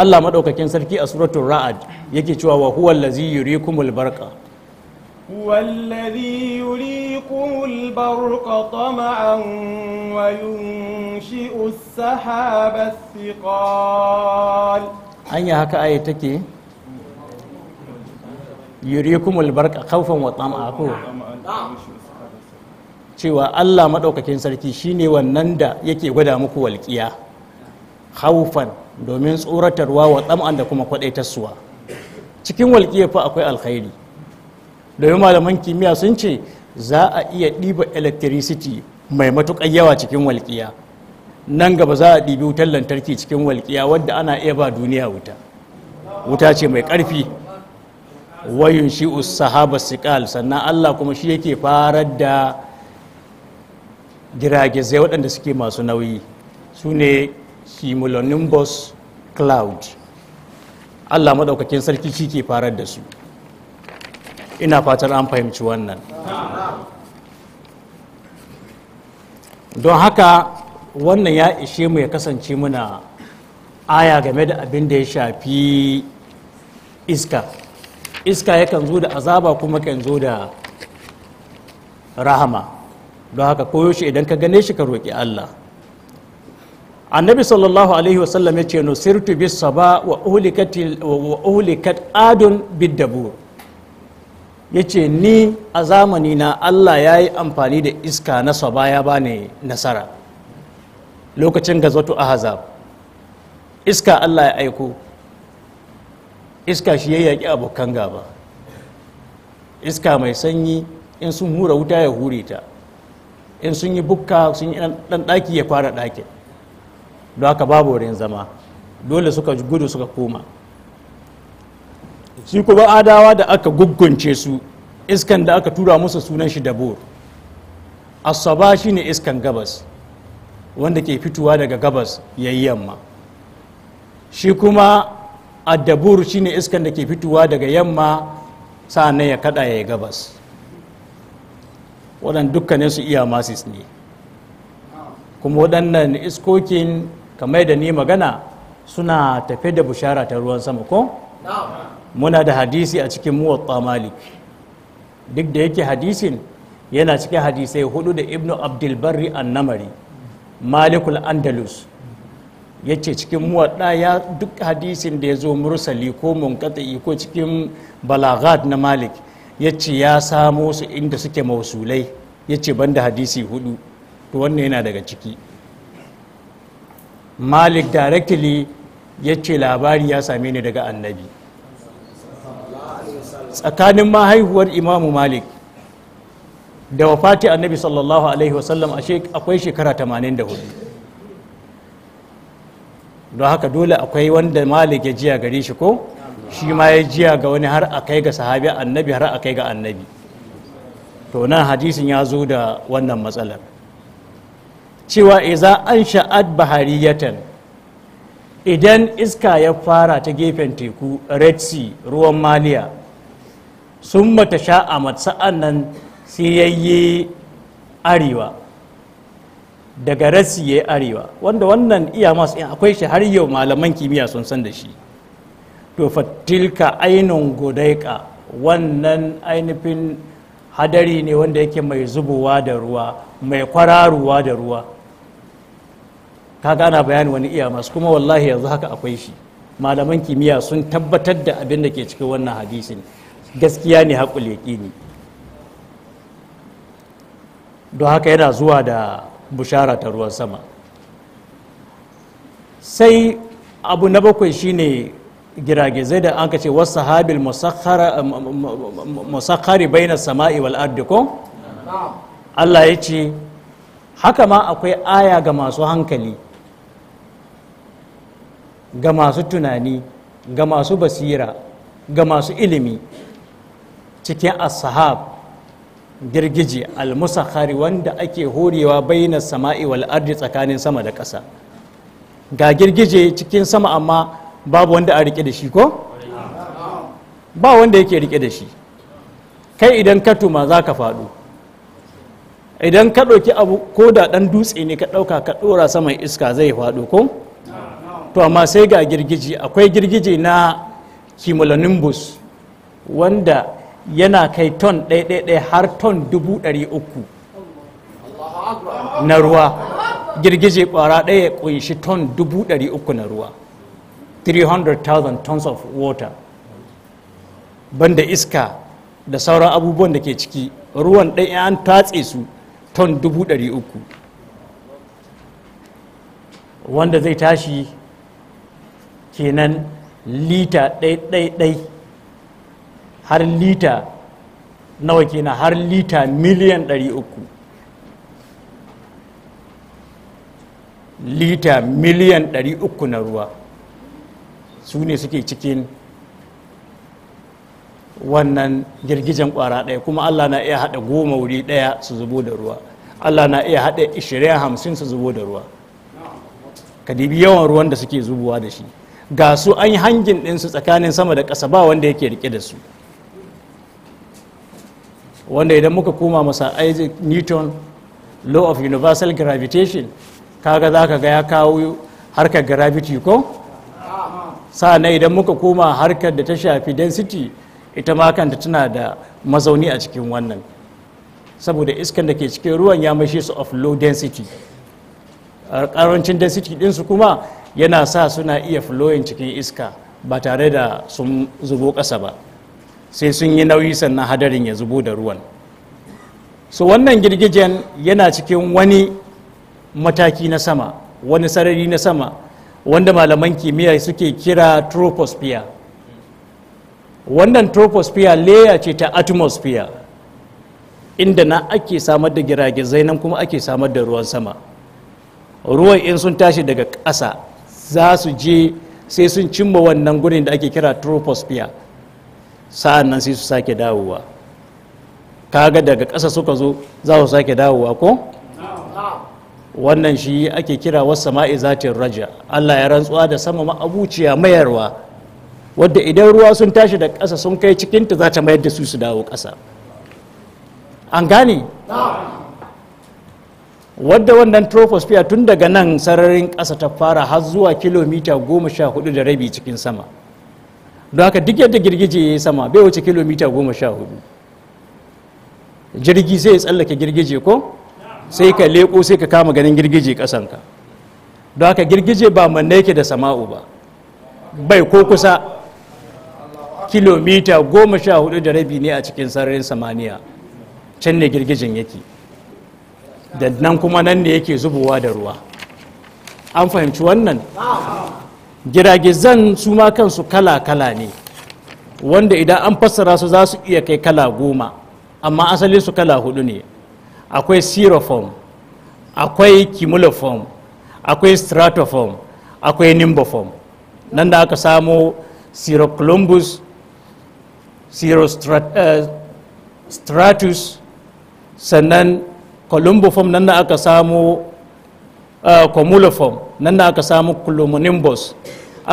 Allah maɗaukakin sarki a suratun ra'ad yake cewa wa huwa allazi yurikumul barqa هو الذي يريكم البرق طمعا وينشئ السحاب الثقال أي هكا آية تكي يريكم البرق خوفا وطمعا cewa Allah maɗaukakin sarki shine wannan da yake gwada muku walƙiya haufan domin tsoratarwa wa tsam'an da kuma kwadaitarsuwa cikin walƙiya fa akwai alkhairi domin malaman kimiyya sun ce za a iya ɗiba electricity mai matuƙar yawa cikin walƙiya nan gaba za a ɗibi wutar lantarki cikin walƙiya wadda ana iya ba duniya wuta wuta ce mai ƙarfi wayun shi sahaba sikal sannan allah kuma shi yake farar da giragizai waɗanda suke masu nauyi su ne cumulonimbus cloud allah maɗaukakin sarki shi ke farar da su ina fatar an fahimci wannan don haka wannan ya ishe mu ya kasance muna aya game da abin da ya shafi iska iska yakan zo da azaba kuma kan zo da rahama don haka koyo shi idan ka gane shi ka roƙi allah annabi sallallahu alaihi wasallam ya ce nusirtu bis saba wa uhlikat adun bid dabur ya ce ni a zamani na Allah ya yi amfani da iska na saba ya bani nasara lokacin gazatu ahzab iska Allah ya aiko iska shi ya yaƙi abokan gaba iska mai sanyi in sun hura wuta ya hure ta in sun yi bukka sun yi ɗan ɗaki ya fara ɗakin don haka babu wurin zama dole suka gudu suka koma shi kuma adawa da aka guggunce su iskan da aka tura musu sunan shi dabur asaba shi ne iskan gabas wanda ke fitowa daga gabas yayi yamma shi kuma addabur shi ne iskan da ke fitowa daga yamma sa'annan ya kada ya yi gabas waɗanda dukkanin su iya masis ne kuma waɗannan iskokin kamar da ni magana suna tafe da bushara ta ruwan sama ko muna da hadisi a cikin muwatta malik duk da yake hadisin yana cikin hadisai hudu da ibnu abdulbarri annamari malikul andalus ya ce cikin muwaɗa ya duk hadisin da ya zo mursali ko munkata'i ko cikin balagat na malik ya ce ya samo su inda suke mausulai ya ce banda hadisi hudu to wannan yana daga ciki malik directly ya ce labari ya same ni daga annabi tsakanin mahaihuwar imamu malik da wafati annabi sallallahu alaihi wasallam akwai shekara 84 don haka dole akwai wanda malik ya jiya gare shi ko shi ma ya jiya ga wani har akai ga sahabi annabi har akai ga annabi to nan hadisin ya zo da wannan matsalar cewa iza an sha'ad bahariyatan idan iska ya fara ta gefen teku red sea ruwan maliya sun mata sha'amat sa'an nan sai yayye arewa daga rasi ya arewa wanda wannan iya masu yin akwai shi har yau malaman kimiyya sun san da shi to fatilka ainihin gudaika wannan ainihin hadari ne wanda yake mai zubowa da ruwa mai kwararuwa da ruwa kaga ana bayani wani iya masu kuma wallahi yanzu haka akwai shi malaman kimiyya sun tabbatar da abin da ke cikin wannan hadisin gaskiya ne haƙul yaƙini don haka yana zuwa da bushara ta ruwan sama sai abu na bakwai shine giragizai da an ka ce wasu habil musakhari baina sama'i wal ardi Allah ya ce haka ma akwai aya ga masu hankali ga masu tunani ga masu basira ga masu ilimi cikin ashab girgije al-musakhari wanda ake horewa baina sama'i wal ardi tsakanin sama da ƙasa ga girgije cikin sama amma babu wanda a rike da shi ko ba wanda yake rike da shi kai idan ka tuma za ka faɗo idan ka ɗauki abu ko da ɗan dutse ne ka ɗauka ka ɗora saman iska zai faɗo ko to amma sai ga girgiji akwai girgiji na kimolonimbus wanda yana kai ton ɗaiɗaiɗai har ton dubu ɗari uku na ruwa girgije ƙwara ɗaya ƙunshi ton dubu ɗari uku na ruwa 300,000 tons of water banda iska da sauran abubuwan da ke ciki ruwan ɗaya an tatse su ton dubu ɗari uku wanda zai tashi kenan lita ɗai-ɗai har lita nawa kenan har lita miliyan 300 lita miliyan 300 na ruwa su ne suke cikin wannan girgijen kwara ɗaya kuma allah na iya haɗa goma wuri ɗaya su zubo da ruwa allah na iya haɗa ishirin hamsin su zubo da ruwa ka dibi yawan ruwan da suke zubowa da shi ga su an yi hangin ɗinsu tsakanin sama da ƙasa ba wanda yake rike da su wanda idan muka koma masa isaac newton law of universal gravitation kaga za ka ga ya kawo harkar gravity ko na idan muka koma harkar da ta shafi density ita ma kanta tana da mazauni a cikin wannan saboda iskan da ke cikin ruwan ya mashe su of low density karancin density ɗinsu kuma yana sa suna iya flowing cikin iska ba tare da sun zubo ƙasa ba sai sun yi nauyi sannan hadarin ya zubo da ruwan so wannan girgijen yana cikin wani mataki na sama wani sarari na sama wanda malaman kimiyya suke kira troposphere wannan troposphere layer ce ta atmosphere inda na ake samar da giragizai nan kuma ake samar da ruwan sama ruwan in sun tashi daga ƙasa za su je sai sun cimma wannan gurin da ake kira troposphere sa'an nan sai su sake dawowa kaga daga ƙasa suka zo za su sake dawowa ko wannan shi ake kira wasu sama'i zatin raja allah ya rantsuwa da sama ma'abuciya mayarwa wadda idan ruwa sun tashi da ƙasa sun kai cikinta za ta mayar da su su dawo ƙasa an gane wadda wannan troposphere tun daga nan sararin ƙasa ta fara har zuwa kilomita goma sha hudu da rabi cikin sama don haka duk yadda girgije ya yi sama bai wuce kilomita goma sha hudu jirgi sai ya tsallake girgije ko sai ka leko sai ka kama ganin girgije ƙasanka don haka girgije ba manne yake da sama'u ba bai ko kusa kilomita goma sha hudu da rabi ne a cikin sararin samaniya can ne girgijin yake da nan kuma nan ne yake zubowa da ruwa an fahimci wannan giragizan su ma kansu kala-kala ne wanda idan an fassara su za su iya kai kala goma amma asali su kala hudu ne akwai syrophoam akwai cumuloform akwai stratoform akwai nimboform nan da aka samo syrocolumbus syrostratus eh, sannan columbiform nan da aka samu cumuliform uh, nan da aka samu cumulonimbus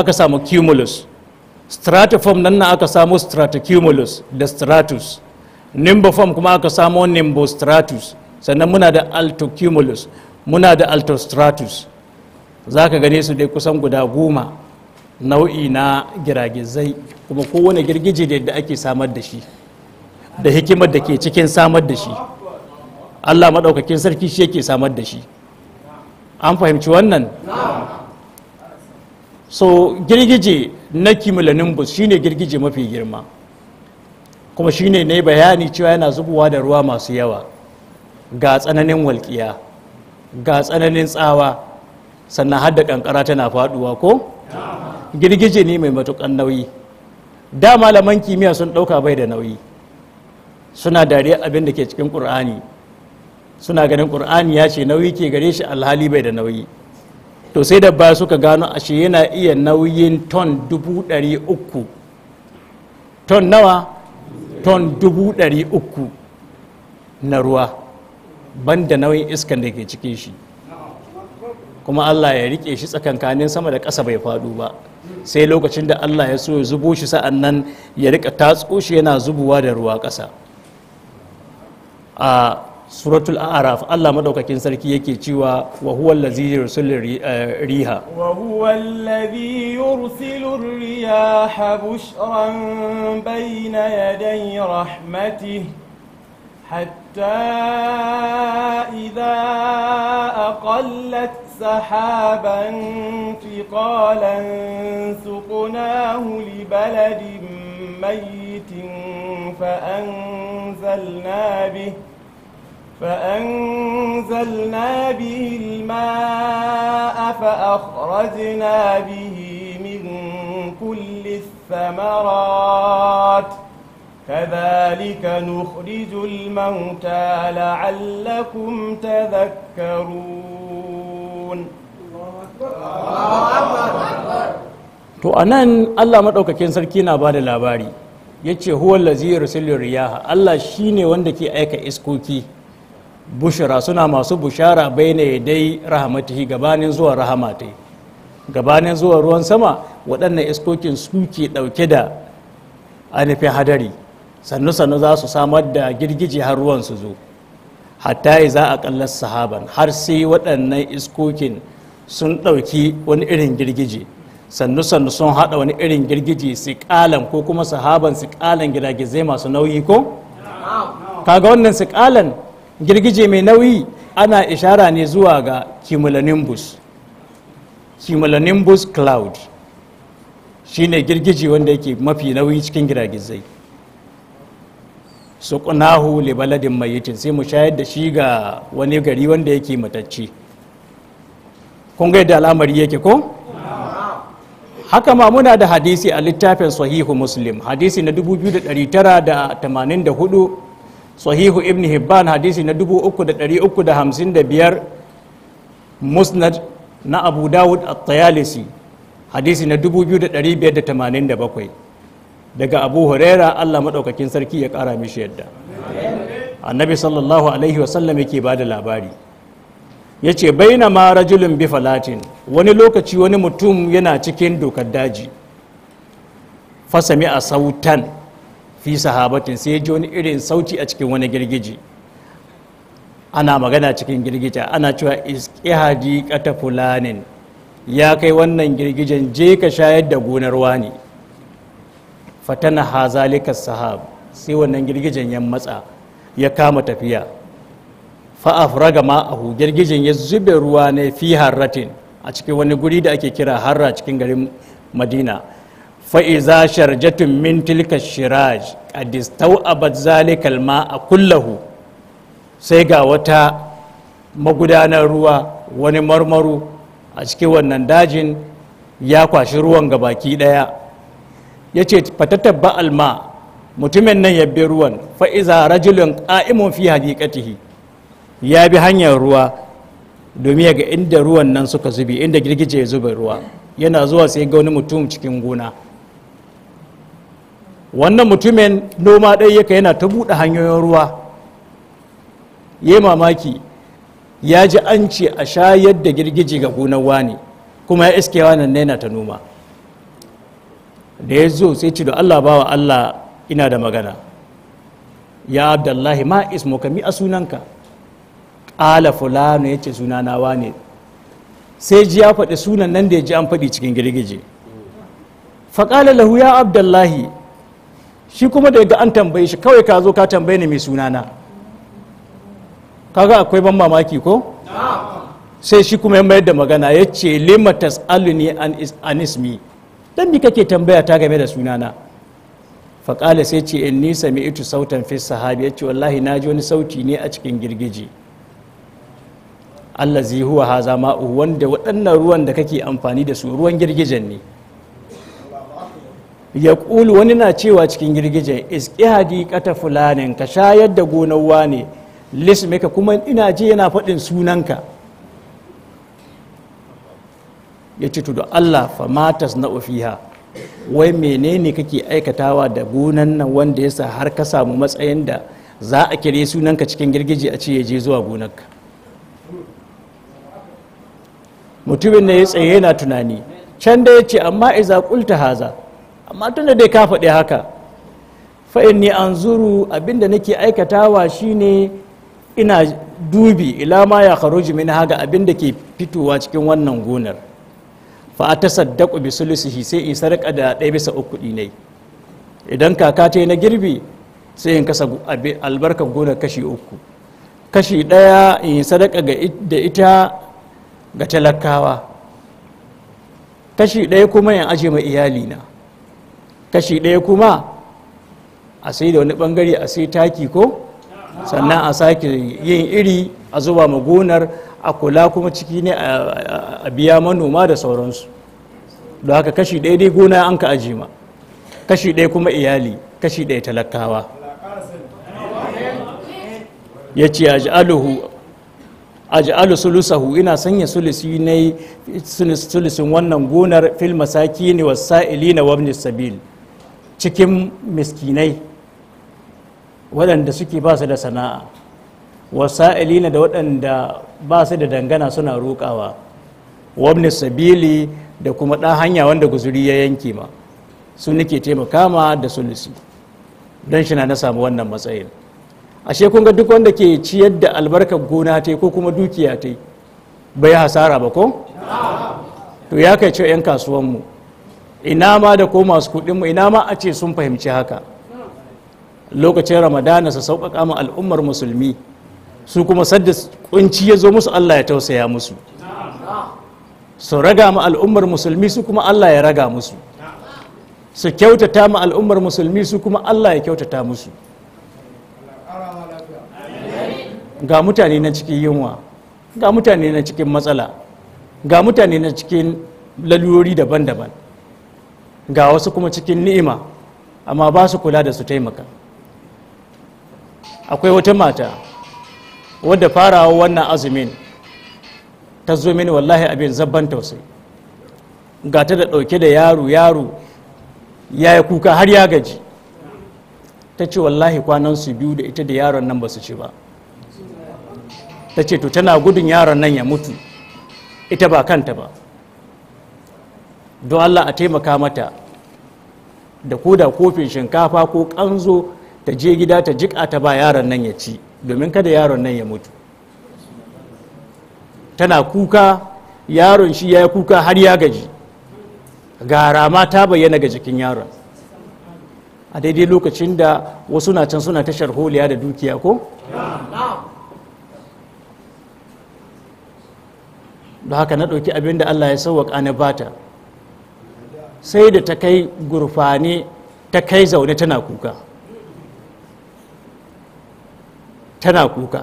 aka samu cumulus stratiform nan na aka samu stratocumulus da stratus nimbofom kuma aka samu nimbostratus sannan muna da altocumulus muna da altostratus za ka gane su dai kusan guda goma nau'i na giragizai kuma kowane girgije da ake samar da shi da hikimar da ke cikin samar da shi Allah maɗaukakin sarki shi yake samar da shi an fahimci wannan so girgije na cumulonimbus shine girgije mafi girma kuma shine ne bayani cewa yana zubowa da ruwa masu yawa ga tsananin walƙiya ga tsananin tsawa sannan har da ƙanƙara tana faɗuwa ko girgije ne mai matuƙan nauyi da malaman kimiyya sun ɗauka bai da nauyi suna dariya abin da ke cikin ƙur'ani suna ganin ƙur'ani ya ce nauyi ke gare shi alhali bai da nauyi to sai da baya suka gano ashe yana iya nauyin ton dubu ɗari uku ton nawa ton dubu ɗari uku na ruwa banda nauyin iskan da ke cikin shi kuma allah ya rike shi tsakankanin sama da ƙasa bai faɗo ba sai lokacin da allah ya so ya zubo shi sa'an nan ya rika tatso shi yana zubuwa da ruwa ƙasa suratul araf Allah madaukakin sarki yake cewa wa huwa allazi yursilu riha wa huwa allazi yursilu riha bushran bayna yaday rahmatihi hatta idha aqallat sahaban thiqalan suqnahu li baladin mayitin fa anzalna bihi فأنزلنا به الماء فأخرجنا به من كل الثمرات كذلك نخرج الموتى لعلكم تذكرون to a nan allah maɗaukakin sarki na ba da labari ya ce huwallazi rusulun riyaha allah shi ne wanda ke aika iskoki bushira suna masu bushara bai ne dai rahamatihi gabanin zuwa rahamatai gabanin zuwa ruwan sama waɗannan iskokin suke ɗauke da anafi hadari sannu sannu za su samar da girgije har ruwan su zo hatta yi za a ƙallar sahaban har sai waɗannan iskokin sun ɗauki wani irin girgije sannu sannu sun haɗa wani irin girgije su ƙalan ko kuma sahaban su ƙalan gidagizai masu nauyi ko kaga wannan su ƙalan girgije mai nauyi ana ishara ne zuwa ga cumulonimbus cumulonimbus cloud shine girgije wanda yake mafi nauyi cikin giragizai su kunahu libaladin mayitin sai mu shayar da shi ga wani gari wanda yake matacci kun ga yadda al'amari yake ko haka ma muna da hadisi a littafin sahihu muslim hadisi na 2984 sahihu ibn hibban hadisi na 3,355 musnad na abu dawud a tayalisi hadisi na 2,587 daga abu huraira allah maɗaukakin sarki ya ƙara mishi yadda annabi sallallahu alaihi wasallam yake ba da labari ya ce baina ma rajulun bi falatin wani lokaci wani mutum yana cikin dokar daji fasami a sautan fi sahabatin sai ji wani irin sauti a cikin wani girgiji ana magana cikin girgija ana cewa iskihadi kata fulanin ya kai wannan girgijen je ka shayar da gonar wani fatana hazalika sahab sai wannan girgijen ya matsa ya kama tafiya fa'afraga ma'ahu girgijen ya zube ruwa ne fi harratin a cikin wani guri da ake kira harra cikin garin madina fa'iza sharjatun min tilka shiraj a distau'abat zalikal a kullahu sai ga wata magudanar ruwa wani marmaru a cikin wannan dajin ya kwashi ruwan ga baki ɗaya yace ce fatattabba alma mutumin nan ya bi ruwan fa'iza rajulun ƙa'imun fi ya bi hanyar ruwa domin ya ga inda ruwan nan suka zubi inda girgije ya zuba ruwa yana zuwa sai ga wani mutum cikin gona wannan mutumin noma ɗaya yaka yana ta buɗe hanyoyin ruwa ya mamaki ya ji an ce a shayar da girgiji ga gonar wani kuma ya iske wannan yana ta noma da ya zo sai ci da allah bawa allah ina da magana ya abdullahi ma ismo mi a sunanka ƙala fulano ya ce sunana wani sai ji ya faɗi sunan nan da ya ji an faɗi cikin girgije faƙala lahu ya abdullahi shi kuma da ga an tambaye shi kawai ka zo ka tambaye ni mai sunana kaga akwai ban mamaki ko sai shi kuma ya mayar da magana ya ce lima tas'aluni an ismi dan bi kake tambaya ta game da sunana faƙala sai ce in nisa mai itu sautan fi sahabi ya ce wallahi na ji wani sauti ne a cikin girgije zai huwa haza ma'u wanda waɗannan ruwan da kake amfani da su ruwan girgijen ne ya ƙulu wani na cewa cikin girgijen iski hadikata fulanin ka sha yadda gonar ne lismika kuma ina ji yana faɗin sunanka ya ci tudu allah famatas na ofiha wai menene kake aikatawa da gonan nan wanda ya sa har ka samu matsayin da za a kire sunanka cikin girgije a ce ya je zuwa gonarka mutumin ne ya tsaye yana tunani can da ya ce amma iza kulta haza amma tunda dai ka faɗi haka fa'in ni an zuru abinda nake aikatawa shine ina dubi ila ma ya kharuji min haga abinda ke fitowa cikin wannan gonar fa ta saddaku bi sulusihi sai in sarƙa da ɗaya bisa uku ne idan kaka ta na girbi sai in kasa albarkar gonar kashi uku kashi ɗaya in sadaka da ita ga talakawa kashi ɗaya kuma in aje ma iyalina kashi ɗaya kuma a sai da wani ɓangare a sai taki ko sannan a sake yin iri a zuba ma gonar a kula kuma ciki ne a biya manoma da sauransu don haka kashi ɗaya dai gona an ka ajima kashi ɗaya kuma iyali kashi ɗaya talakawa ya ce a ji'alu sulusahu ina sanya sulusi na sulusin wannan gonar fil masaki ne wasa'ili na wabnis sabil cikin miskinai waɗanda suke ba su da sana'a wasa'ilina da waɗanda ba su da dangana suna roƙawa wani sabili da kuma ɗan hanya wanda guzuri ya yanke ma su nake taimaka ma da sulusi don shi na na samu wannan matsayin ashe kun ga duk wanda ke ciyar da albarkar gona ta ko kuma dukiya ta bai hasara ba ko to ya kai cewa 'yan kasuwanmu ina ma da ko masu kuɗinmu ina ma a ce sun fahimci haka lokacin ramadana su sauƙaƙa ma al'ummar musulmi su kuma sadda kunci ya zo musu allah ya tausaya musu su raga ma al'ummar musulmi su kuma allah ya raga musu su kyautata ma al'ummar musulmi su kuma allah ya kyautata musu ga mutane na cikin yunwa ga mutane na cikin matsala ga mutane na cikin lalurori daban-daban ga wasu kuma cikin ni'ima amma ba su kula da su taimaka akwai wata mata wadda farawa wannan azumin ta zo mini wallahi abin zabban tausayi ga ta da ɗauke da yaro yaro ya yi kuka har ya gaji ta ce wallahi kwanan su biyu da ita da yaron nan ba su ci ba ta ce to tana gudun yaron nan ya mutu ita ba kanta ba don allah a taimaka mata da ko da kofin shinkafa ko kanzo ta je gida ta jika ta ba yaron nan ya ci domin kada yaron nan ya mutu tana kuka yaron shi ya kuka har ya gaji gara rama ta bayyana ga jikin yaron a daidai lokacin da wasu na can suna tashar holiya da dukiya ko? da haka na ɗauki abin da allah ya sauwaƙa na bata sai da ta kai gurfane ta kai zaune tana kuka tana kuka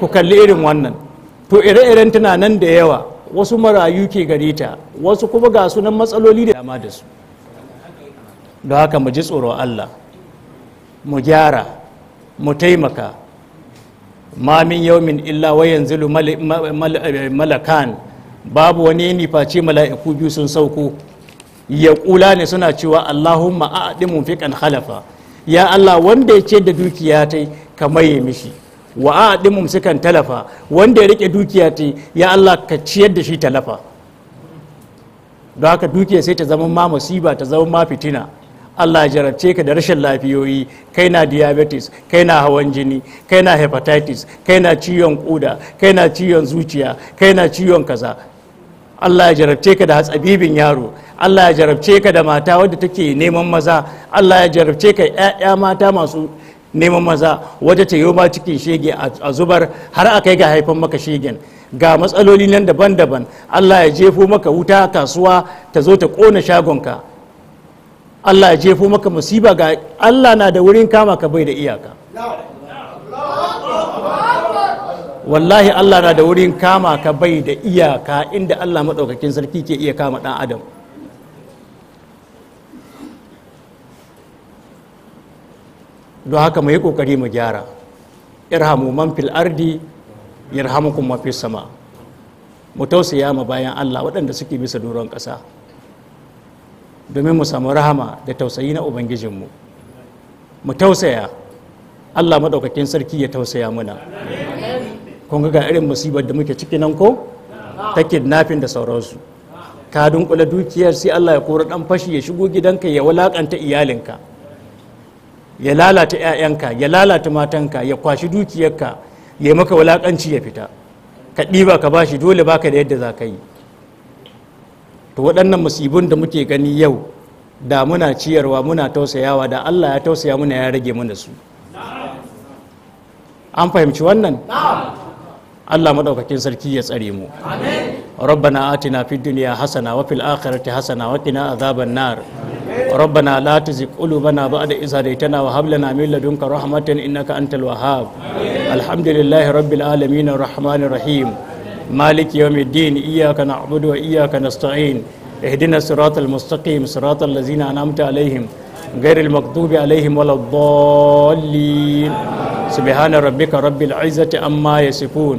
ku kalli irin wannan to ire-iren tana nan da yawa wasu marayu ke gare ta wasu kuma ga sunan matsaloli da dama da su don haka mu ji tsoron allah mu gyara mu taimaka mamin yaumin illa wayan zilu eh, malakan babu wani ni face mala'iku biyu sun sauko ya kula ne suna cewa Allahumma a'di kan halafa. ya Allah wanda ya ce da dukiya ta ka maye mishi wa a'di kan talafa wanda ya rike dukiya ta ya Allah ka ciyar da shi talafa don haka dukiya sai ta zama ma masiba, ta zama ma fitina Allah jarabce ka da rashin lafiyoyi kai na diabetes kai na hawan jini kai na hepatitis kai na ciwon koda kai na ciwon zuciya kai na ciwon kaza Allah ya jarabce ka da hatsabibin yaro Allah ya jarabce ka da mata wadda take neman maza Allah ya jarabce ka ƴaƴa mata masu neman maza wadda ta yi ma cikin shege a zubar har a kai ga haifan maka shegen ga matsaloli nan daban-daban Allah ya jefo maka wuta kasuwa ta zo ta ƙona shagonka Allah ya jefo maka musiba ga Allah na da wurin kama ka bai da iyaka wallahi Allah na da wurin kama ka bai da iyaka inda Allah maɗaukakin sarki ke iya kama ɗan adam don haka mu yi ƙoƙari mu gyara irhamu man fil ardi yarhamukum ma fis sama mu tausaya ma bayan Allah waɗanda suke bisa doron ƙasa domin mu samu rahama da tausayi na ubangijinmu mu tausaya Allah maɗaukakin sarki ya tausaya muna. kun ga irin musibar da muke ciki nan ko ta kidnapping da sauransu ka dunkula dukiyar sai Allah ya kora dan fashi ya shigo gidanka ya walakanta iyalinka ya lalata 'ya'yanka ya lalata matanka ya kwashi dukiyarka ya yi maka walakanci ya fita ka ɗiba ka bashi dole baka da yadda za ka yi to waɗannan musibun da muke gani yau da muna ciyarwa muna tausayawa da Allah ya tausaya muna ya rage mana su an fahimci wannan الله madaukakin sarki ya tsare mu rabbana atina fid dunya hasana wa fil akhirati hasana wa ربنا لا تزغ قلوبنا بعد إذ هديتنا وهب لنا من لدنك رحمة إنك أنت الوهاب الحمد لله رب العالمين الرحمن الرحيم مالك يوم الدين إياك نعبد وإياك نستعين اهدنا الصراط المستقيم صراط الذين أنعمت عليهم غير المغضوب عليهم ولا الضالين سبحان ربك رب العزة أما يصفون